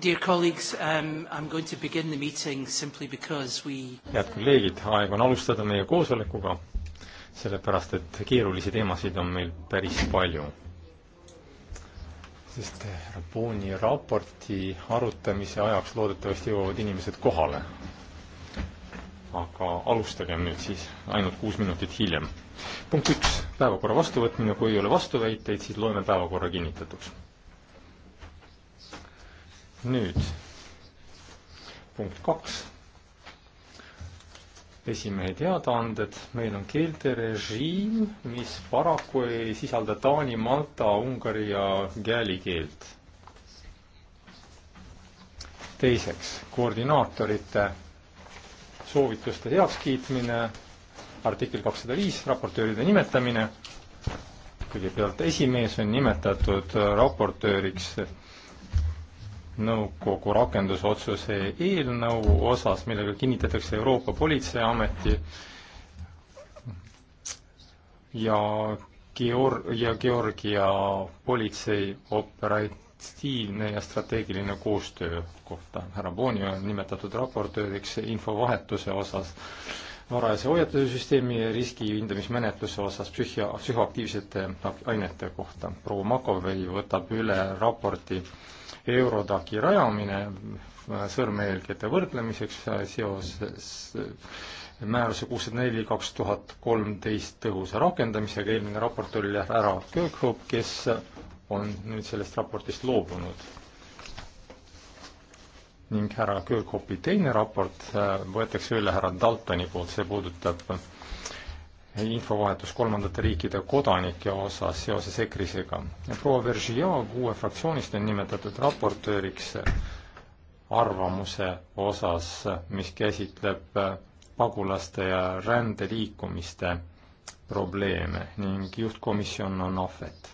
Dear colleagues, um, I'm going to begin the meeting simply because we head kolleegid, aeg on alustada meie koosolekuga, sellepärast et keerulisi teemasid on meil päris palju. sest Raboni raporti arutamise ajaks loodetavasti jõuavad inimesed kohale. aga alustagem nüüd siis ainult kuus minutit hiljem. punkt üks, päevakorra vastuvõtmine, kui ei ole vastuväiteid, siis loeme päevakorra kinnitatuks nüüd punkt kaks, esimehe teadaanded, meil on keelterežiim, mis paraku ei sisalda taani, malta, ungari ja gääli keelt. teiseks, koordinaatorite soovituste heakskiitmine, artikkel kakssada viis, raportööride nimetamine, kõigepealt esimees on nimetatud raportööriks nõukogu rakendusotsuse eelnõu osas, millega kinnitatakse Euroopa Politseiameti ja Georg- ja Georgia politsei operatiivne ja strateegiline koostöö kohta. härra Booni on nimetatud raportööriks infovahetuse osas, varajase hoiatuse süsteemi ja riski hindamismenetluse osas psühhia-, psühhoaktiivsete ainete kohta. proua Makovei võtab üle raporti äh, Eurodaki rajamine sõrmejälgede võrdlemiseks seoses määruse kuussada neli kaks tuhat kolmteist tõhusa rakendamisega, eelmine raport oli ära Kirkhope, kes on nüüd sellest raportist loobunud. ning härra Kirkhope'i teine raport võetakse üle härra Daltoni poolt, see puudutab infovahetus kolmandate riikide kodanike osas seoses EKRE-ga. proua Veržia kuue fraktsioonist on nimetatud raportööriks arvamuse osas, mis käsitleb pagulaste ja rändeliikumiste probleeme ning juhtkomisjon on ohvet.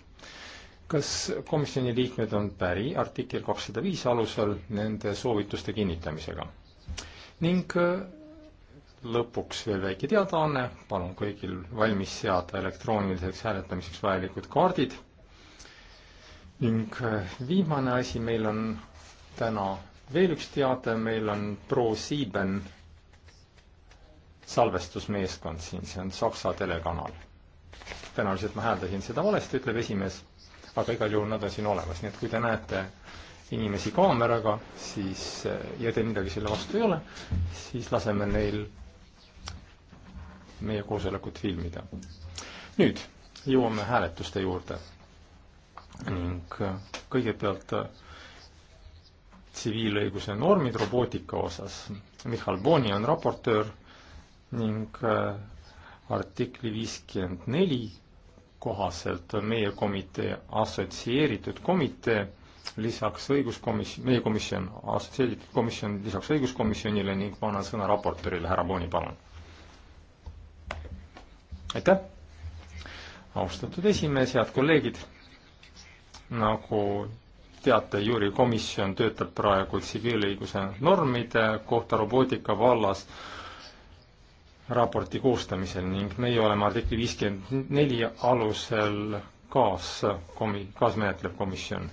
kas komisjoni liikmed on päri artikkel kakssada viis alusel nende soovituste kinnitamisega? ning lõpuks veel väike teadaanne, palun kõigil valmis seada elektrooniliseks hääletamiseks vajalikud kaardid. ning äh, viimane asi, meil on täna veel üks teade, meil on ProSieben salvestusmeeskond siin, see on Saksa telekanal. tõenäoliselt ma hääldasin seda valesti, ütleb esimees, aga igal juhul nad on siin olemas, nii et kui te näete inimesi kaameraga, siis äh, ja teil midagi selle vastu ei ole, siis laseme neil meie koosolekut filmida. nüüd jõuame hääletuste juurde ning äh, kõigepealt äh, tsiviilõiguse normid robootika osas. Michal Boni on raportöör ning äh, artikli viiskümmend neli kohaselt on meie komitee assotsieeritud komitee, lisaks õiguskomis-, meie komisjon, assotsieeritud komisjon lisaks õiguskomisjonile ning ma annan sõna raportöörile, härra Boni, palun aitäh, austatud esimees, head kolleegid. nagu teate, Jüri komisjon töötab praegu tsiviilõiguse normide kohta robootika vallas raporti koostamisel ning meie oleme artikli viiskümmend neli alusel kaaskomi-, kaasmenetlev komisjon.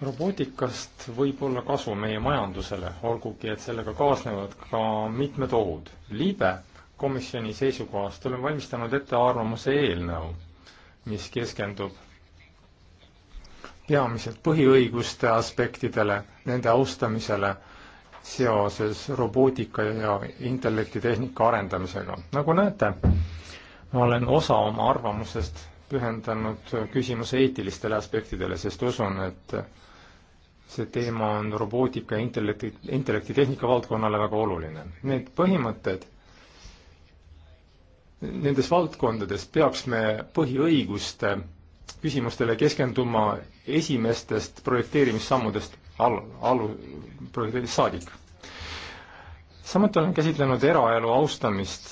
robootikast võib olla kasu meie majandusele, olgugi et sellega kaasnevad ka mitmed ohud. libe komisjoni seisukohast olen valmistanud ette arvamuse eelnõu, mis keskendub peamiselt põhiõiguste aspektidele, nende austamisele seoses robootika ja intellektitehnika arendamisega. nagu näete, ma olen osa oma arvamusest pühendanud küsimuse eetilistele aspektidele, sest usun, et see teema on robootika ja intellekti, intellektitehnika valdkonnale väga oluline. Need põhimõtted nendes valdkondades peaks me põhiõiguste küsimustele keskenduma esimestest projekteerimissammudest al-, alu-, projekteerimist saadik. samuti olen käsitlenud eraelu austamist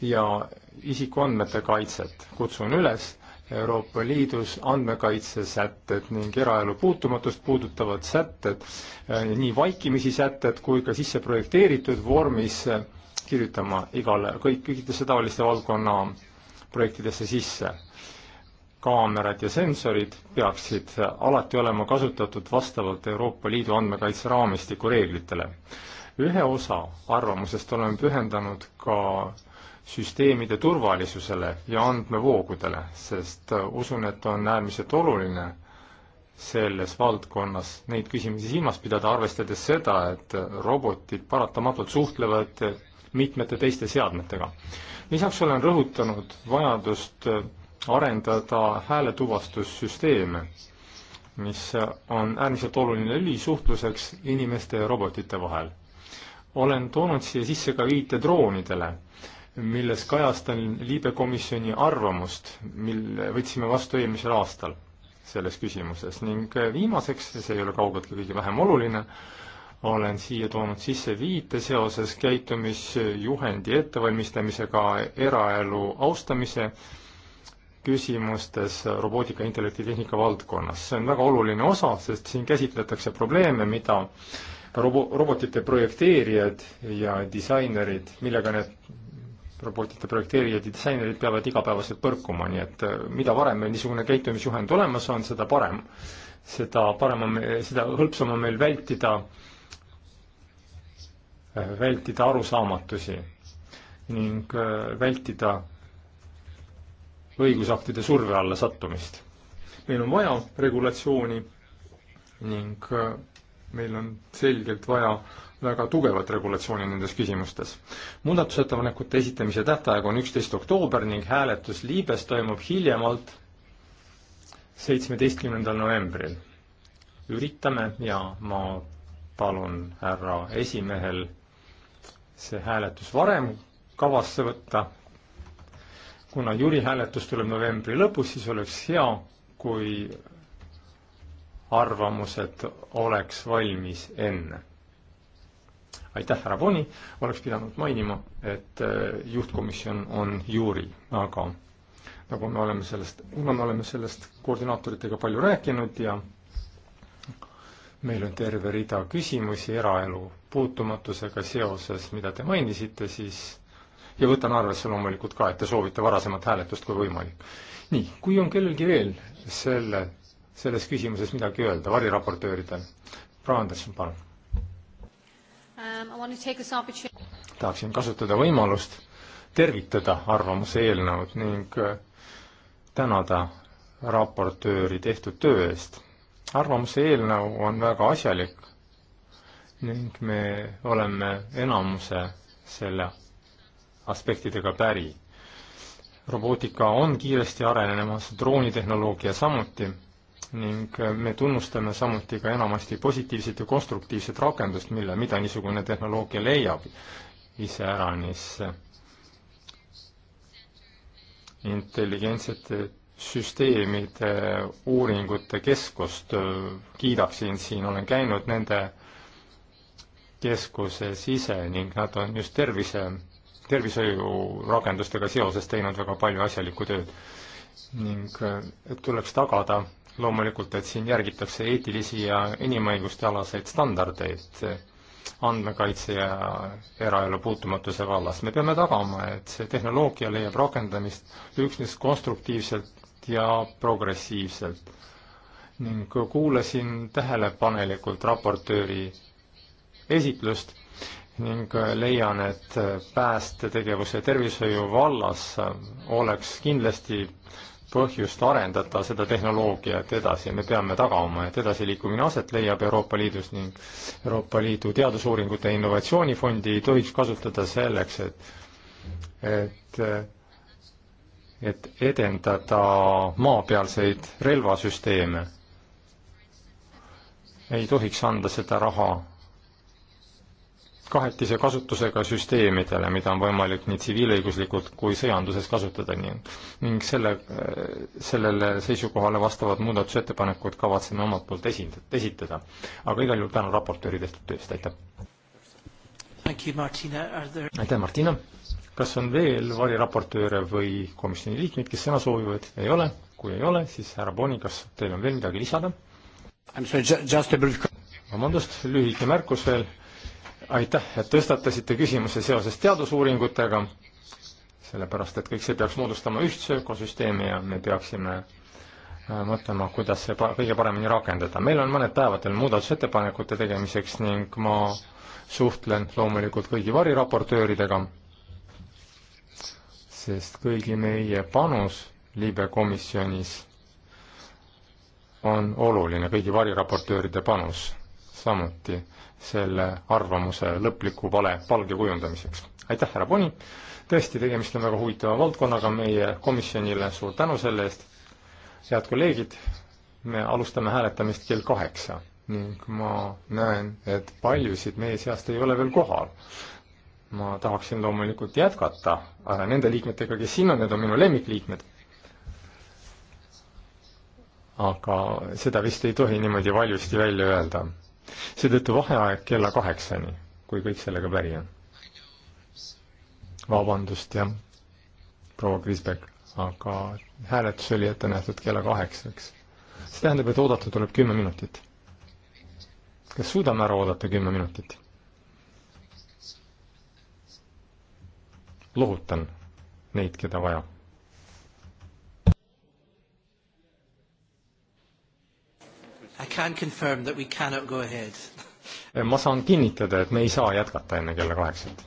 ja isikuandmete kaitset. kutsun üles Euroopa Liidus andmekaitsesätted ning eraelu puutumatust puudutavad sätted, eh, nii vaikimisi sätted kui ka sisse projekteeritud vormis eh, kirjutama igale, kõik, kõikidesse taoliste valdkonna projektidesse sisse. kaamerad ja sensorid peaksid alati olema kasutatud vastavalt Euroopa Liidu andmekaitse raamistiku reeglitele. ühe osa arvamusest oleme pühendanud ka süsteemide turvalisusele ja andmevoogudele, sest usun, et on äärmiselt oluline selles valdkonnas neid küsimusi silmas pidada, arvestades seda, et robotid paratamatult suhtlevad mitmete teiste seadmetega. lisaks olen rõhutanud vajadust arendada hääletuvastussüsteeme, mis on äärmiselt oluline lüli suhtluseks inimeste ja robotite vahel. olen toonud siia sisse ka viite droonidele, milles kajastan liibekomisjoni arvamust, mille võtsime vastu eelmisel aastal selles küsimuses ning viimaseks, see ei ole kaugeltki kõige vähem oluline, olen siia toonud sisse viite seoses käitumisjuhendi ettevalmistamisega eraelu austamise küsimustes robootika, intellektitehnika valdkonnas. see on väga oluline osa, sest siin käsitletakse probleeme, mida robo-, robotite projekteerijad ja disainerid, millega need robotite projekteerijad ja disainerid peavad igapäevaselt põrkuma, nii et äh, mida varem meil niisugune käitumisjuhend olemas on, seda parem. seda parem on, seda hõlpsam on meil vältida äh, Äh, vältida arusaamatusi ning äh, vältida õigusaktide surve alla sattumist. meil on vaja regulatsiooni ning äh, meil on selgelt vaja väga tugevat regulatsiooni nendes küsimustes. muudatusettepanekute esitamise tähtaeg on üksteist oktoober ning hääletus Liibes toimub hiljemalt seitsmeteistkümnendal novembril. üritame ja ma palun härra esimehel see hääletus varem kavasse võtta. kuna jüri hääletus tuleb novembri lõpus, siis oleks hea, kui arvamused oleks valmis enne. aitäh, härra Boni, oleks pidanud mainima, et äh, juhtkomisjon on juuri, aga nagu me oleme sellest, kuna nagu me oleme sellest koordinaatoritega palju rääkinud ja meil on terve rida küsimusi eraelu puutumatusega seoses, mida te mainisite, siis ja võtan arvesse loomulikult ka, et te soovite varasemat hääletust, kui võimalik. nii, kui on kellelgi veel selle, selles küsimuses midagi öelda, variraportööridel, proua Anderson, palun um,. tahaksin kasutada võimalust tervitada arvamuse eelnõud ning äh, tänada raportööri tehtud töö eest arvamuse eelnõu on väga asjalik ning me oleme enamuse selle aspektidega päri. robootika on kiiresti arenemas, droonitehnoloogia samuti ning me tunnustame samuti ka enamasti positiivset ja konstruktiivset rakendust, mille, mida niisugune tehnoloogia leiab iseäranis intelligentsete süsteemide uuringute keskust äh, kiidaksin, siin olen käinud nende keskuses ise ning nad on just tervise, tervishoiurakendustega seoses teinud väga palju asjalikku tööd. ning äh, et tuleks tagada loomulikult, et siin järgitakse eetilisi ja inimõiguste alaseid standardeid äh, andmekaitse ja eraelu puutumatuse vallas. me peame tagama, et see tehnoloogia leiab rakendamist üksnes konstruktiivselt ja progressiivselt ning kuulasin tähelepanelikult raportööri esitlust ning leian, et päästetegevuse tervishoiu vallas oleks kindlasti põhjust arendada seda tehnoloogiat edasi ja me peame tagama, et edasiliikumine aset leiab Euroopa Liidus ning Euroopa Liidu Teadusuuringute Innovatsioonifondi ei tohiks kasutada selleks, et et et edendada maapealseid relvasüsteeme. ei tohiks anda seda raha kahetise kasutusega süsteemidele, mida on võimalik nii tsiviilõiguslikult kui sõjanduses kasutada, nii ning selle, sellele seisukohale vastavad muudatusettepanekud kavatseme omalt poolt esind-, esitada. aga igal juhul tänan raportööri tehtud töö eest, aitäh! aitäh, Martina! kas on veel variraportööre või komisjoni liikmeid, kes sõna soovivad? ei ole, kui ei ole, siis härra Boni, kas teil on veel midagi lisada? vabandust, lühike märkus veel. aitäh, et tõstatasite küsimuse seoses teadusuuringutega, sellepärast et kõik see peaks moodustama ühtse ökosüsteemi ja me peaksime äh, mõtlema, kuidas see kõige paremini rakendada. meil on mõned päevad veel muudatusettepanekute tegemiseks ning ma suhtlen loomulikult kõigi variraportööridega sest kõigi meie panus liibe komisjonis on oluline, kõigi variraportööride panus samuti selle arvamuse lõpliku vale palge kujundamiseks. aitäh, härra Poni, tõesti, tegemist on väga huvitava valdkonnaga meie komisjonile, suur tänu selle eest, head kolleegid, me alustame hääletamist kell kaheksa ning ma näen, et paljusid meie seast ei ole veel kohal ma tahaksin loomulikult jätkata äh, nende liikmetega, kes siin on, need on minu lemmikliikmed. aga seda vist ei tohi niimoodi valjusti välja öelda. seetõttu vaheaeg kella kaheksani, kui kõik sellega päri on. vabandust, jah, proua Krisbek, aga hääletus oli ette nähtud kella kaheksaks. see tähendab, et oodata tuleb kümme minutit. kas suudame ära oodata kümme minutit? lohutan neid, keda vaja. I can confirm that we cannot go ahead. Eh, ma saan kinnitada, et me ei saa jätkata enne kella kaheksat.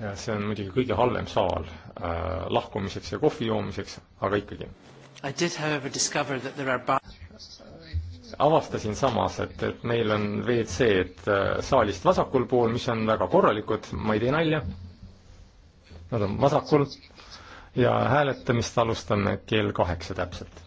ja see on muidugi kõige halvem saal äh, lahkumiseks ja kohvi joomiseks, aga ikkagi. I did however discover that there are avastasin samas, et, et meil on WC-d äh, saalist vasakul pool, mis on väga korralikud, ma ei tee nalja. Nad on vasakul ja hääletamist alustame kell kaheksa täpselt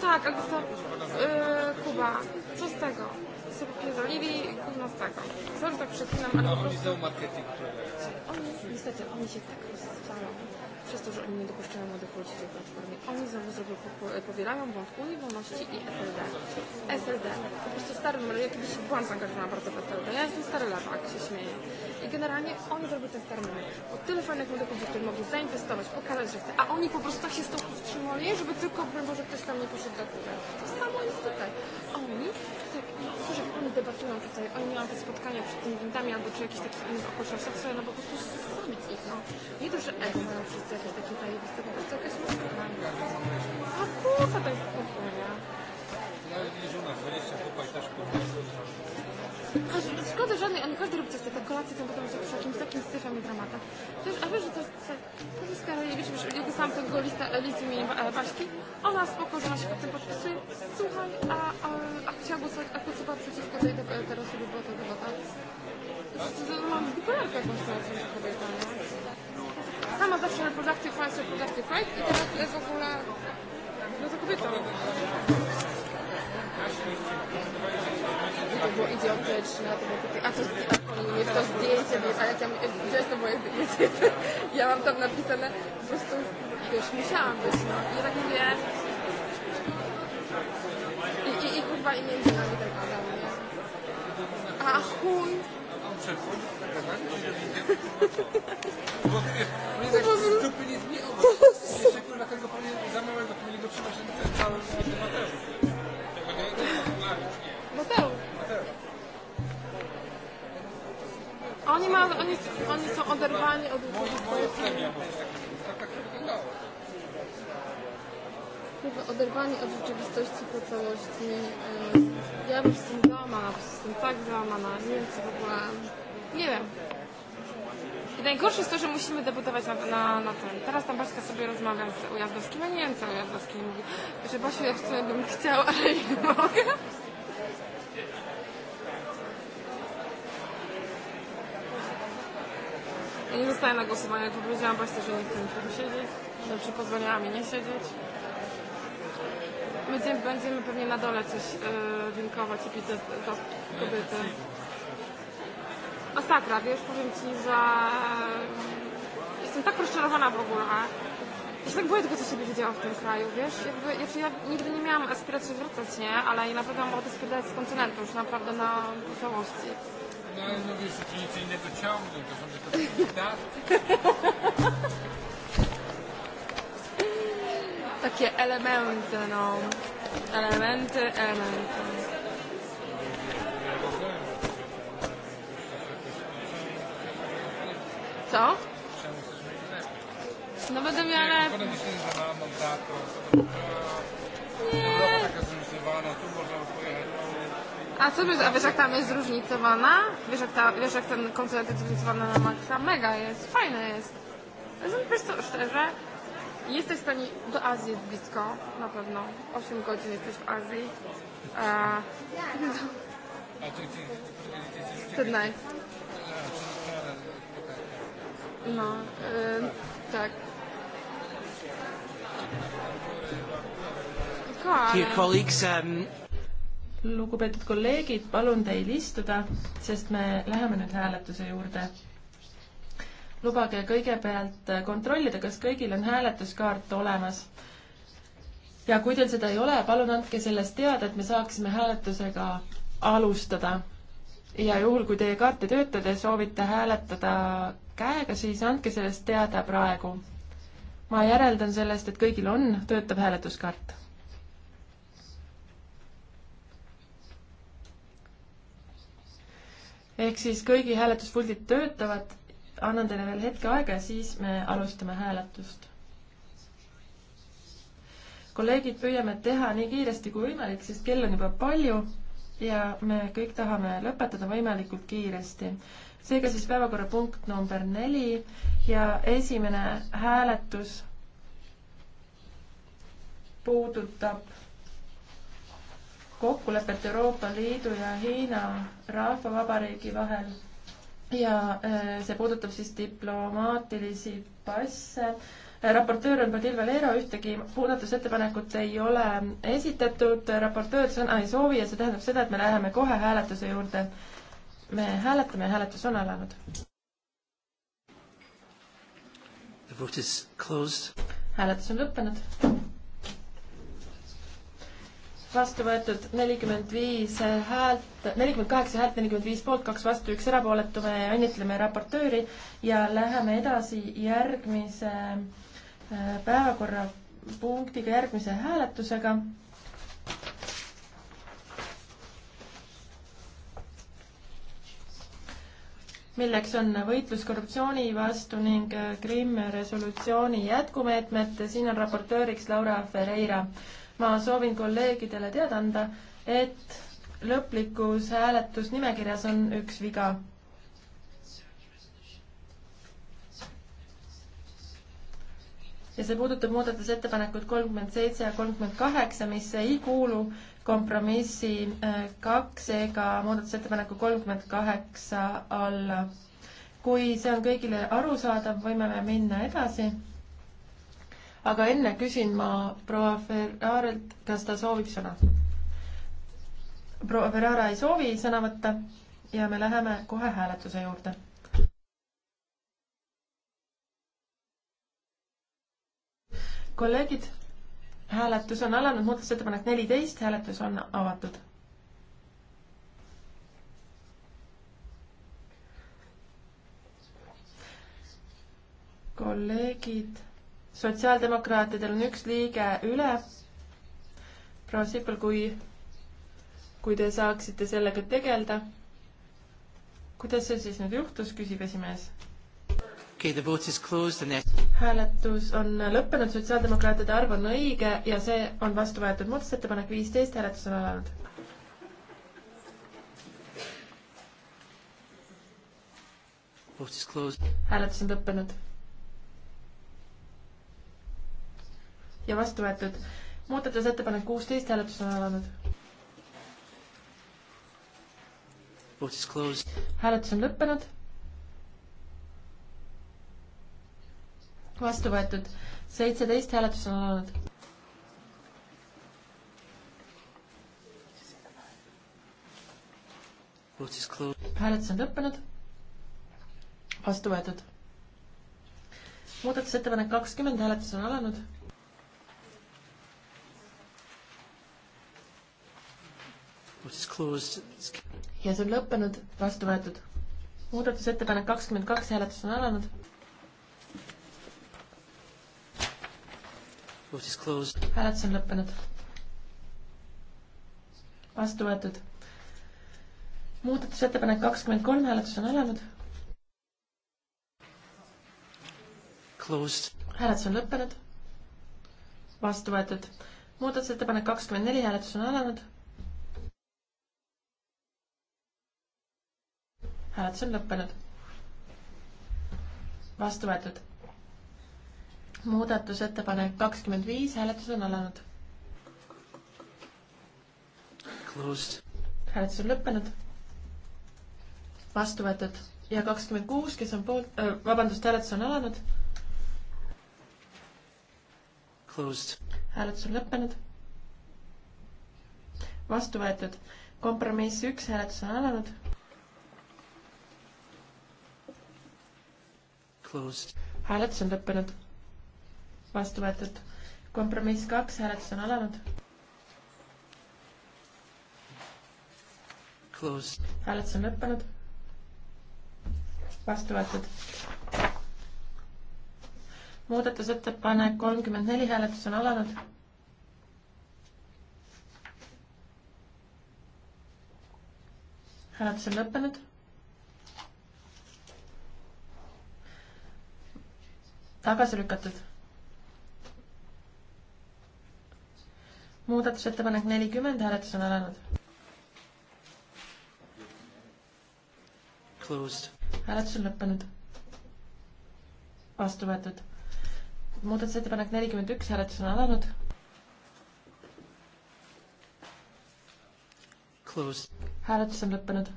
tak, ale to yy, e, Kuba, co z tego? Sobie pierdolili gówno z tego. Sorry, tak przeklinam, ale no, po prostu... Oni marketing oni, Niestety, oni się tak rozstaną przez to, że oni nie dopuszczają młodych ludzi w tej platformie. Oni znowu zrobią, powielają błąd Unii Wolności i SLD. SLD. Po prostu stary numer. Ja kiedyś byłam zaangażowana bardzo w SLD. Ja jestem stary lewak, się śmieję. I generalnie oni zrobią ten termin. Bo tyle fajnych medyków, którzy mogli zainwestować, pokazać, że chce. A oni po prostu tak się z tą powstrzymali, żeby tylko, może ktoś tam nie poszedł do góry. To samo jest tutaj. Oni, tak, którzy oni debatują tutaj, oni mają te spotkania przed tymi windami albo przy jakichś takich innych okolicznościach, sobie no po prostu zabić ich. No. Nie to, że ego mają wszyscy jakieś takie zajebiste, po prostu jakaś maszyna. A kurwa, to jest spokojnie. Nawet i żona 20 chłopak też kurwa. Szkoda żadnej, oni każdy robi coś takiego, kolację są potem przy jakimś takim syfem i dramatem. Przecież, a wiesz, że to jest Karajewicz, wiesz, jak sam tego lista listy mi e, Waśki, ona spoko, że ona się pod tym podpisuje, słuchaj, a, a, a chciała głosować, a głosowała przeciwko tej teraz sobie była ta debata. Mam bipolarkę jakąś teraz, kobieta, nie? Sama zawsze reproductive rights, reproductive rights i teraz w ogóle, no to kobieta. Thank you albo idiotyczne, to było takie, a co z diakonii, to zdjęcie, a jak ja, gdzie jest to moje zdjęcie? Ja mam tam napisane, po prostu, już musiałam być, no. I tak mówię, i, i, i kurwa, i między nami ten Adam, nie? A chuj! Bo jest stupy nie zmienił, dlatego pan jest za małego, to nie go trzeba się cały Mateusz. Oni, ma, oni, oni są oderwani od rzeczywistości. Chyba oderwani od rzeczywistości po całości. E, ja już jestem załamana, po prostu jestem tak załamana. Nie wiem, co w ogóle... Nie wiem. I najgorsze jest to, że musimy debatować na, na, na ten. Teraz tam Baśka sobie rozmawia z Ujazdowskim, a nie wiem co Ujazdowski mówi. Że Basiu, ja w sumie bym chciał, ale nie mogę. Ja nie zostaję na głosowanie, to powiedziałam Państwu, że nie chcę tu siedzieć, że przy pozwoliła mi nie siedzieć. My będziemy pewnie na dole coś yy, e, winkować i pić za, za kobiety. Masakra, wiesz, powiem Ci, że e, jestem tak rozczarowana w ogóle. Ja się tak boję tego, co się będzie działo w tym kraju, wiesz? Jakby, jeszcze ja nigdy nie miałam aspiracji wracać, nie? Ale ja naprawdę mam ochotę sprzedać z kontynentu, już naprawdę na całości. Dlatego mówisz, że ci nic innego ciągnie, to są tylko daty. Takie elementy, no. Elementy, elementy. Co? No będę miała lepiej. Nie. Europa taka zróżnicowana, tu można A co wiesz, a wiesz jak tam jest zróżnicowana? Wiesz jak, ta, wiesz jak ten koncert jest zróżnicowany na maksa? Mega jest, fajne jest. Wiesz co, szczerze, jesteś w stanie, do Azji jest blisko, na pewno. 8 godzin jesteś w Azji. E, uh, Sydney. No, yy, tak. Dear colleagues, um, lugupeetud kolleegid, palun teil istuda, sest me läheme nüüd hääletuse juurde. lubage kõigepealt kontrollida, kas kõigil on hääletuskaart olemas. ja kui teil seda ei ole, palun andke sellest teada, et me saaksime hääletusega alustada. ja juhul, kui teie kaart ei tööta, te soovite hääletada käega, siis andke sellest teada praegu. ma järeldan sellest, et kõigil on töötav hääletuskaart ehk siis kõigi hääletuspuldid töötavad. annan teile veel hetke aega ja siis me alustame hääletust. kolleegid, püüame teha nii kiiresti kui võimalik, sest kell on juba palju ja me kõik tahame lõpetada võimalikult kiiresti. seega siis päevakorrapunkt number neli ja esimene hääletus puudutab kokkulepet Euroopa Liidu ja Hiina Rahvavabariigi vahel ja äh, see puudutab siis diplomaatilisi passe. Äh, raportöör on Padil Valero, ühtegi muudatusettepanekut ei ole esitatud, raportöör sõna ei soovi ja see tähendab seda, et me läheme kohe hääletuse juurde. me hääletame ja hääletus on alanud. hääletus on lõppenud vastu võetud nelikümmend viis häält, nelikümmend kaheksa häält, nelikümmend viis poolt, kaks vastu, üks erapooletu, me õnnitleme raportööri ja läheme edasi järgmise äh, päevakorrapunktiga, järgmise hääletusega. milleks on võitlus korruptsiooni vastu ning Krimmi resolutsiooni jätkumeetmed, siin on raportööriks Laura Ferreira ma soovin kolleegidele teada anda, et lõplikus hääletusnimekirjas on üks viga. ja see puudutab muudatusettepanekut kolmkümmend seitse ja kolmkümmend kaheksa, mis ei kuulu kompromissi äh, kaks ega muudatusettepaneku kolmkümmend kaheksa alla. kui see on kõigile arusaadav, võime me minna edasi aga enne küsin ma proua Ferrarelt, kas ta soovib sõna. proua Ferrara ei soovi sõna võtta ja me läheme kohe hääletuse juurde. kolleegid, hääletus on alanud, muudatusettepanek neliteist, hääletus on avatud kolleegid sotsiaaldemokraatidel on üks liige üle. proua Sipel, kui, kui te saaksite sellega tegeleda. kuidas see siis nüüd juhtus, küsib esimees okay,. hääletus on lõppenud, sotsiaaldemokraatide arv on õige ja see on vastu võetud. muudatusettepanek viisteist, hääletus on alanud. hääletus on lõppenud ja vastu võetud. muudatusettepanek kuusteist, hääletus on alanud. hääletus on lõppenud. vastu võetud. seitseteist, hääletus on alanud. hääletus on lõppenud. vastu võetud muudatusettepanek kakskümmend, hääletus on alanud ja see on lõppenud, vastu võetud. muudatusettepanek kakskümmend kaks, hääletus on alanud. hääletus on lõppenud. vastu võetud. muudatusettepanek kakskümmend kolm, hääletus on alanud. hääletus on lõppenud. vastu võetud. muudatusettepanek kakskümmend neli, hääletus on alanud hääletus on lõppenud. vastu võetud. muudatusettepanek kakskümmend viis, hääletus on alanud. hääletus on lõppenud. vastu võetud ja kakskümmend kuus, kes on poolt äh,, vabandust, hääletus on alanud. hääletus on lõppenud. vastu võetud. kompromiss üks, hääletus on alanud hääletus on lõppenud. vastu võetud. kompromiss kaks, hääletus on alanud. hääletus on lõppenud. vastu võetud. muudatusettepanek kolmkümmend neli, hääletus on alanud hääletus on lõppenud. tagasi lükatud. muudatusettepanek nelikümmend, hääletus on alanud. hääletus on lõppenud. vastu võetud. muudatusettepanek nelikümmend üks, hääletus on alanud. hääletus on lõppenud.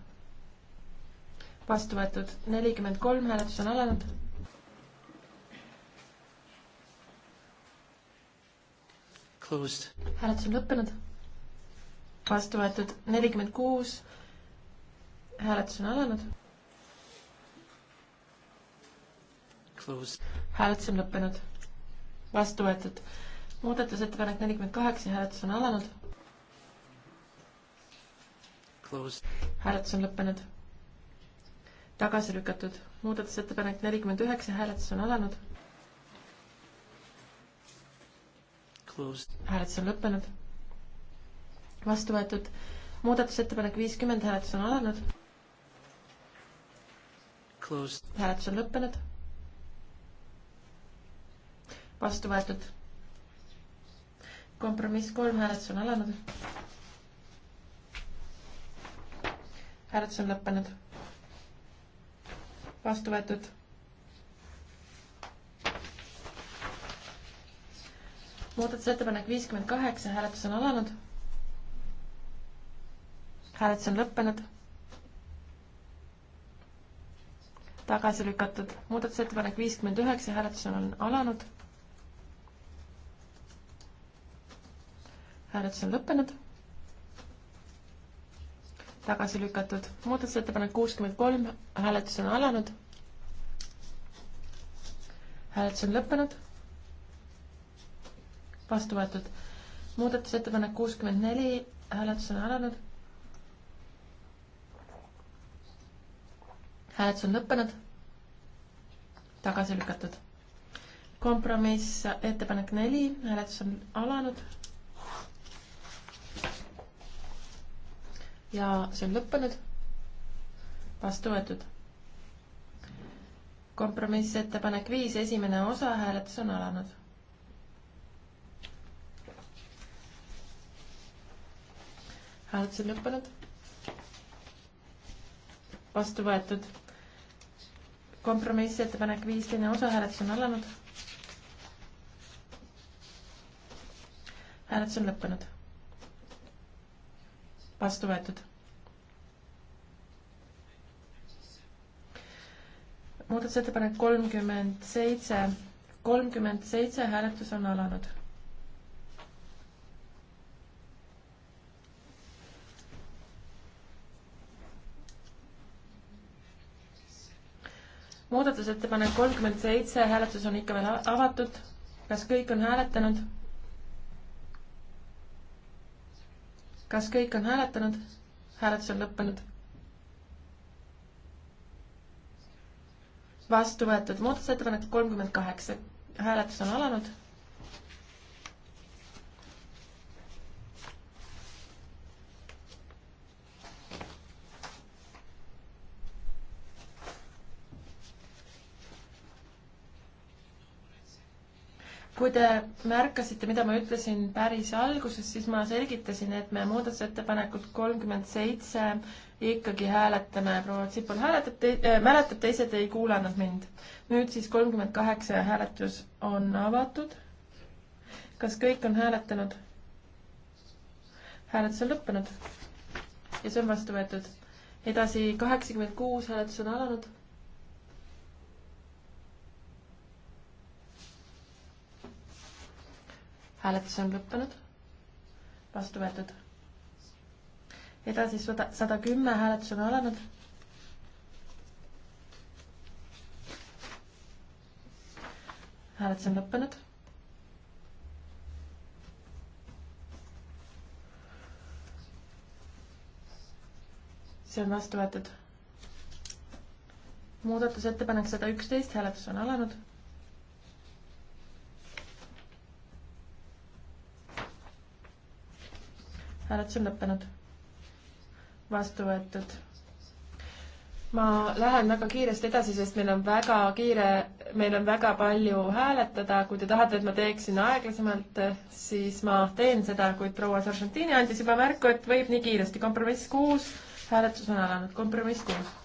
vastu võetud nelikümmend kolm, hääletus on alanud closed. hääletus on lõppenud. vastu võetud nelikümmend kuus. hääletus on alanud. Closed. hääletus on lõppenud. vastu võetud. muudatusettepanek nelikümmend kaheksa, hääletus on alanud. Closed. hääletus on lõppenud. tagasi lükatud. muudatusettepanek nelikümmend üheksa, hääletus on alanud hääletus on lõppenud. vastu võetud. muudatusettepanek viiskümmend, hääletus on alanud. hääletus on lõppenud. vastu võetud. kompromiss kolm, hääletus on alanud. hääletus on lõppenud. vastu võetud muudatusettepanek viiskümmend kaheksa, hääletus on alanud. hääletus on lõppenud. tagasi lükatud. muudatusettepanek viiskümmend üheksa, hääletus on alanud. hääletus on lõppenud. tagasi lükatud. muudatusettepanek kuuskümmend kolm, hääletus on alanud. hääletus on lõppenud vastu võetud. muudatusettepanek kuuskümmend neli, hääletus on alanud. hääletus on lõppenud. tagasi lükatud. kompromiss, ettepanek neli, hääletus on alanud. ja see on lõppenud. vastu võetud kompromissettepanek viis, esimene osa, hääletus on alanud hääletus on lõppenud. vastu võetud. kompromissettepanek viis, teine osa, hääletus on alanud. hääletus on lõppenud. vastu võetud muudatusettepanek kolmkümmend seitse, kolmkümmend seitse hääletus on alanud muudatusettepanek kolmkümmend seitse, hääletus on ikka veel avatud. kas kõik on hääletanud? kas kõik on hääletanud? hääletus on lõppenud. vastu võetud muudatusettepanek kolmkümmend kaheksa, hääletus on alanud kui te märkasite, mida ma ütlesin päris alguses, siis ma selgitasin, et me muudatusettepanekut kolmkümmend seitse ikkagi hääletame, proua Tsipul hääletab te- äh,, mäletab, teised ei kuulanud mind. nüüd siis kolmkümmend kaheksa hääletus on avatud. kas kõik on hääletanud? hääletus on lõppenud ja see on vastu võetud. edasi kaheksakümmend kuus hääletus on alanud hääletus on lõppenud, vastu võetud. edasi sada, sada kümme hääletus on alanud. hääletus on lõppenud see on vastu võetud. muudatusettepanek sada üksteist, hääletus on alanud hääletus on lõppenud. vastu võetud. ma lähen väga kiiresti edasi, sest meil on väga kiire, meil on väga palju hääletada, kui te tahate, et ma teeksin aeglasemalt, siis ma teen seda, kuid proua Sargentini andis juba märku, et võib nii kiiresti. kompromiss kuus, hääletus on alanud, kompromiss kuus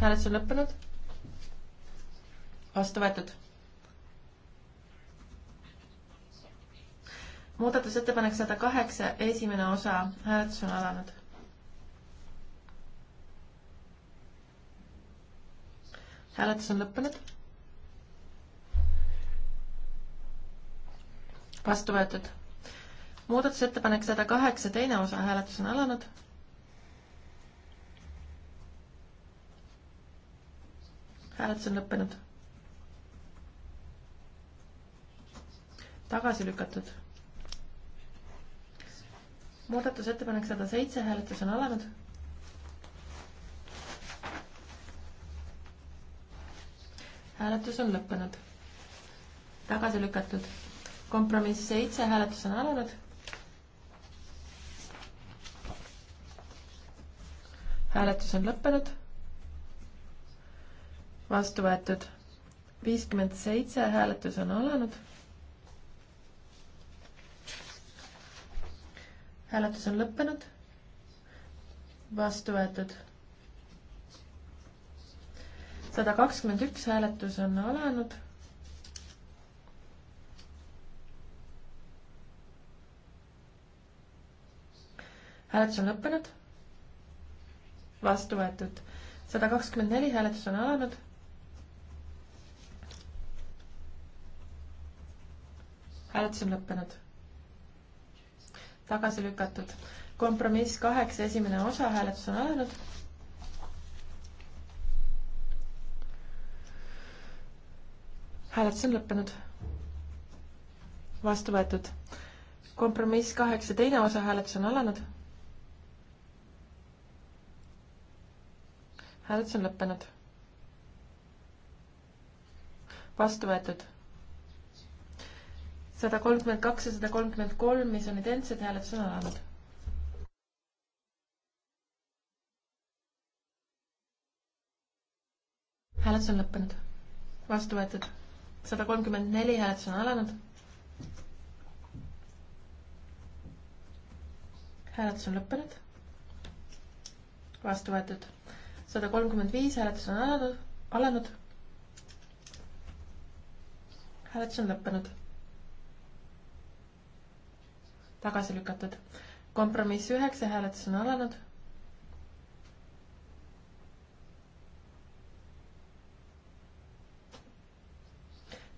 hääletus on lõppenud. vastu võetud. muudatusettepanek sada kaheksa, esimene osa, hääletus on alanud. hääletus on lõppenud. vastu võetud. muudatusettepanek sada kaheksa, teine osa, hääletus on alanud. hääletus on lõppenud. tagasi lükatud muudatusettepanek sada seitse, hääletus on alanud. hääletus on lõppenud. tagasi lükatud. kompromiss seitse, hääletus on alanud. hääletus on lõppenud. vastu võetud. viiskümmend seitse, hääletus on alanud hääletus on lõppenud. vastu võetud. sada kakskümmend üks hääletus on alanud. hääletus on lõppenud. vastu võetud. sada kakskümmend neli hääletus on alanud hääletus on lõppenud tagasi lükatud. kompromiss kaheksa, esimene osa, hääletus on alanud. hääletus on lõppenud. vastu võetud. kompromiss kaheksa, teine osa, hääletus on alanud. hääletus on lõppenud. vastu võetud sada kolmkümmend kaks ja sada kolmkümmend kolm, mis on identsed, hääletus on alanud. hääletus on lõppenud, vastu võetud. sada kolmkümmend neli, hääletus on alanud. hääletus on lõppenud, vastu võetud. sada kolmkümmend viis, hääletus on alanud, alanud. hääletus on lõppenud tagasi lükatud. kompromiss üheksa, hääletus on alanud.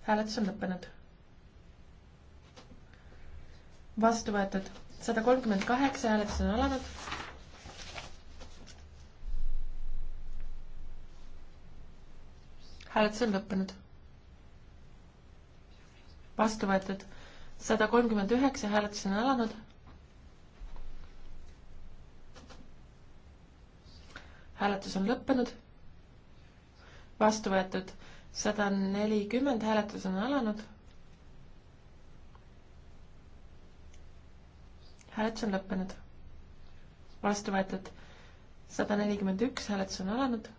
hääletus on lõppenud. vastu võetud sada kolmkümmend kaheksa, hääletus on alanud. hääletus on lõppenud. vastu võetud sada kolmkümmend üheksa, hääletus on alanud. hääletus on lõppenud. vastu võetud sada nelikümmend, hääletus on alanud. hääletus on lõppenud. vastu võetud sada nelikümmend üks, hääletus on alanud.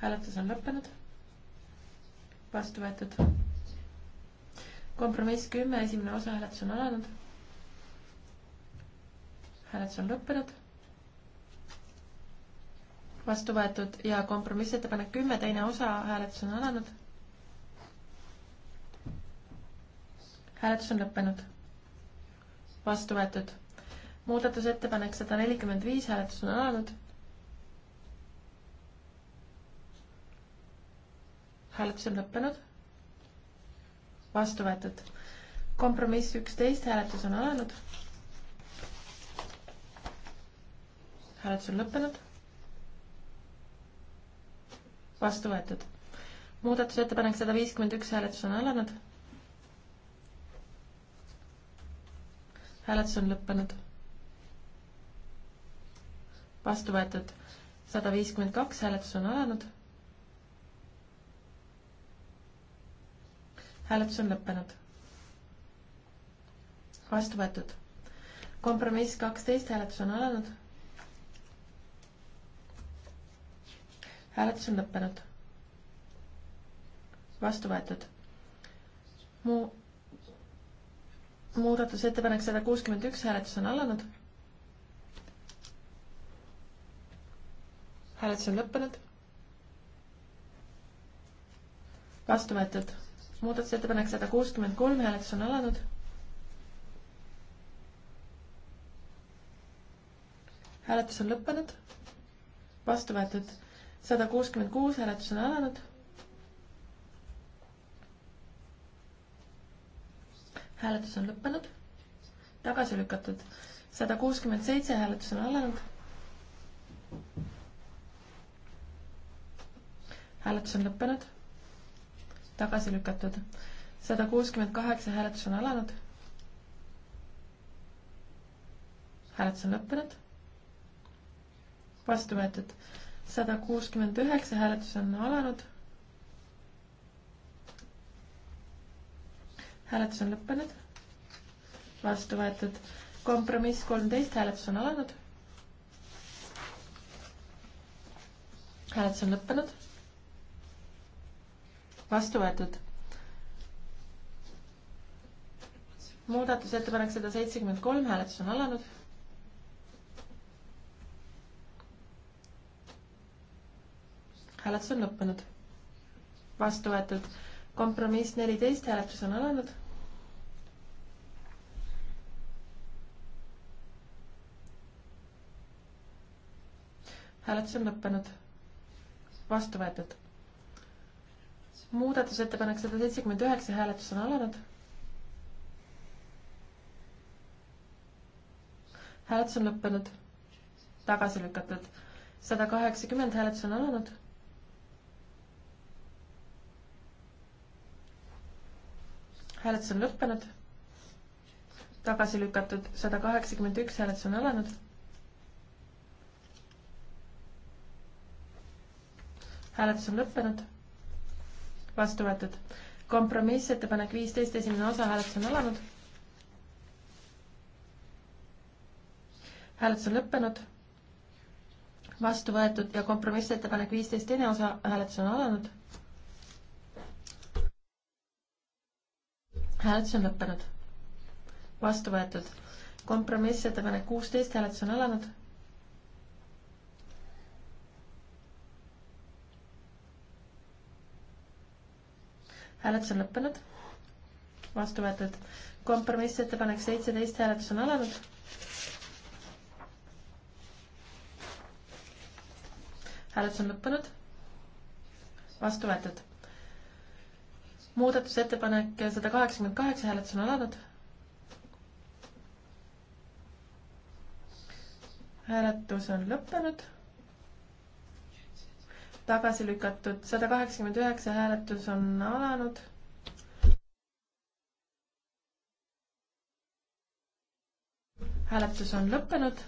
hääletus on lõppenud vastu võetud. kompromiss kümme, esimene osa hääletus on alanud. hääletus on lõppenud. vastu võetud ja kompromissettepanek kümme, teine osa hääletus on alanud. hääletus on lõppenud. vastu võetud muudatusettepanek sada nelikümmend viis, hääletus on alanud hääletus on lõppenud. vastu võetud. kompromiss üksteist, hääletus on alanud. hääletus on lõppenud. vastu võetud. muudatusettepanek sada viiskümmend üks, hääletus on alanud. hääletus on lõppenud. vastu võetud. sada viiskümmend kaks, hääletus on alanud hääletus on lõppenud. vastu võetud. kompromiss kaksteist, hääletus on alanud. hääletus on lõppenud. vastu võetud. mu muudatusettepanek sada kuuskümmend üks, hääletus on alanud. hääletus on lõppenud. vastu võetud muudatusettepanek sada kuuskümmend kolm, hääletus on alanud. hääletus on lõppenud, vastu võetud sada kuuskümmend kuus, hääletus on alanud. hääletus on lõppenud, tagasi lükatud sada kuuskümmend seitse, hääletus on alanud. hääletus on lõppenud tagasi lükatud. sada kuuskümmend kaheksa hääletus on alanud. hääletus on lõppenud. vastu võetud. sada kuuskümmend üheksa hääletus on alanud. hääletus on lõppenud. vastu võetud. kompromiss kolmteist hääletus on alanud. hääletus on lõppenud vastu võetud. muudatusettepanek sada seitsekümmend kolm, hääletus on alanud. hääletus on lõppenud. vastu võetud. kompromiss neliteist, hääletus on alanud. hääletus on lõppenud. vastu võetud muudatusettepanek sada seitsekümmend üheksa, hääletus on alanud. hääletus on lõppenud, tagasi lükatud. sada kaheksakümmend, hääletus on alanud. hääletus on lõppenud, tagasi lükatud. sada kaheksakümmend üks, hääletus on alanud. hääletus on lõppenud vastu võetud. kompromissettepanek viisteist, esimene osa, hääletus on alanud. hääletus on lõppenud, vastu võetud ja kompromissettepanek viisteist, teine osa, hääletus on alanud. hääletus on lõppenud, vastu võetud. kompromissettepanek kuusteist, hääletus on alanud hääletus on lõppenud, vastu võetud. kompromissettepanek seitseteist, hääletus on alanud. hääletus on lõppenud, vastu võetud. muudatusettepanek sada kaheksakümmend kaheksa, hääletus on alanud hääletus on lõppenud tagasi lükatud, sada kaheksakümmend üheksa hääletus on alanud. hääletus on lõppenud,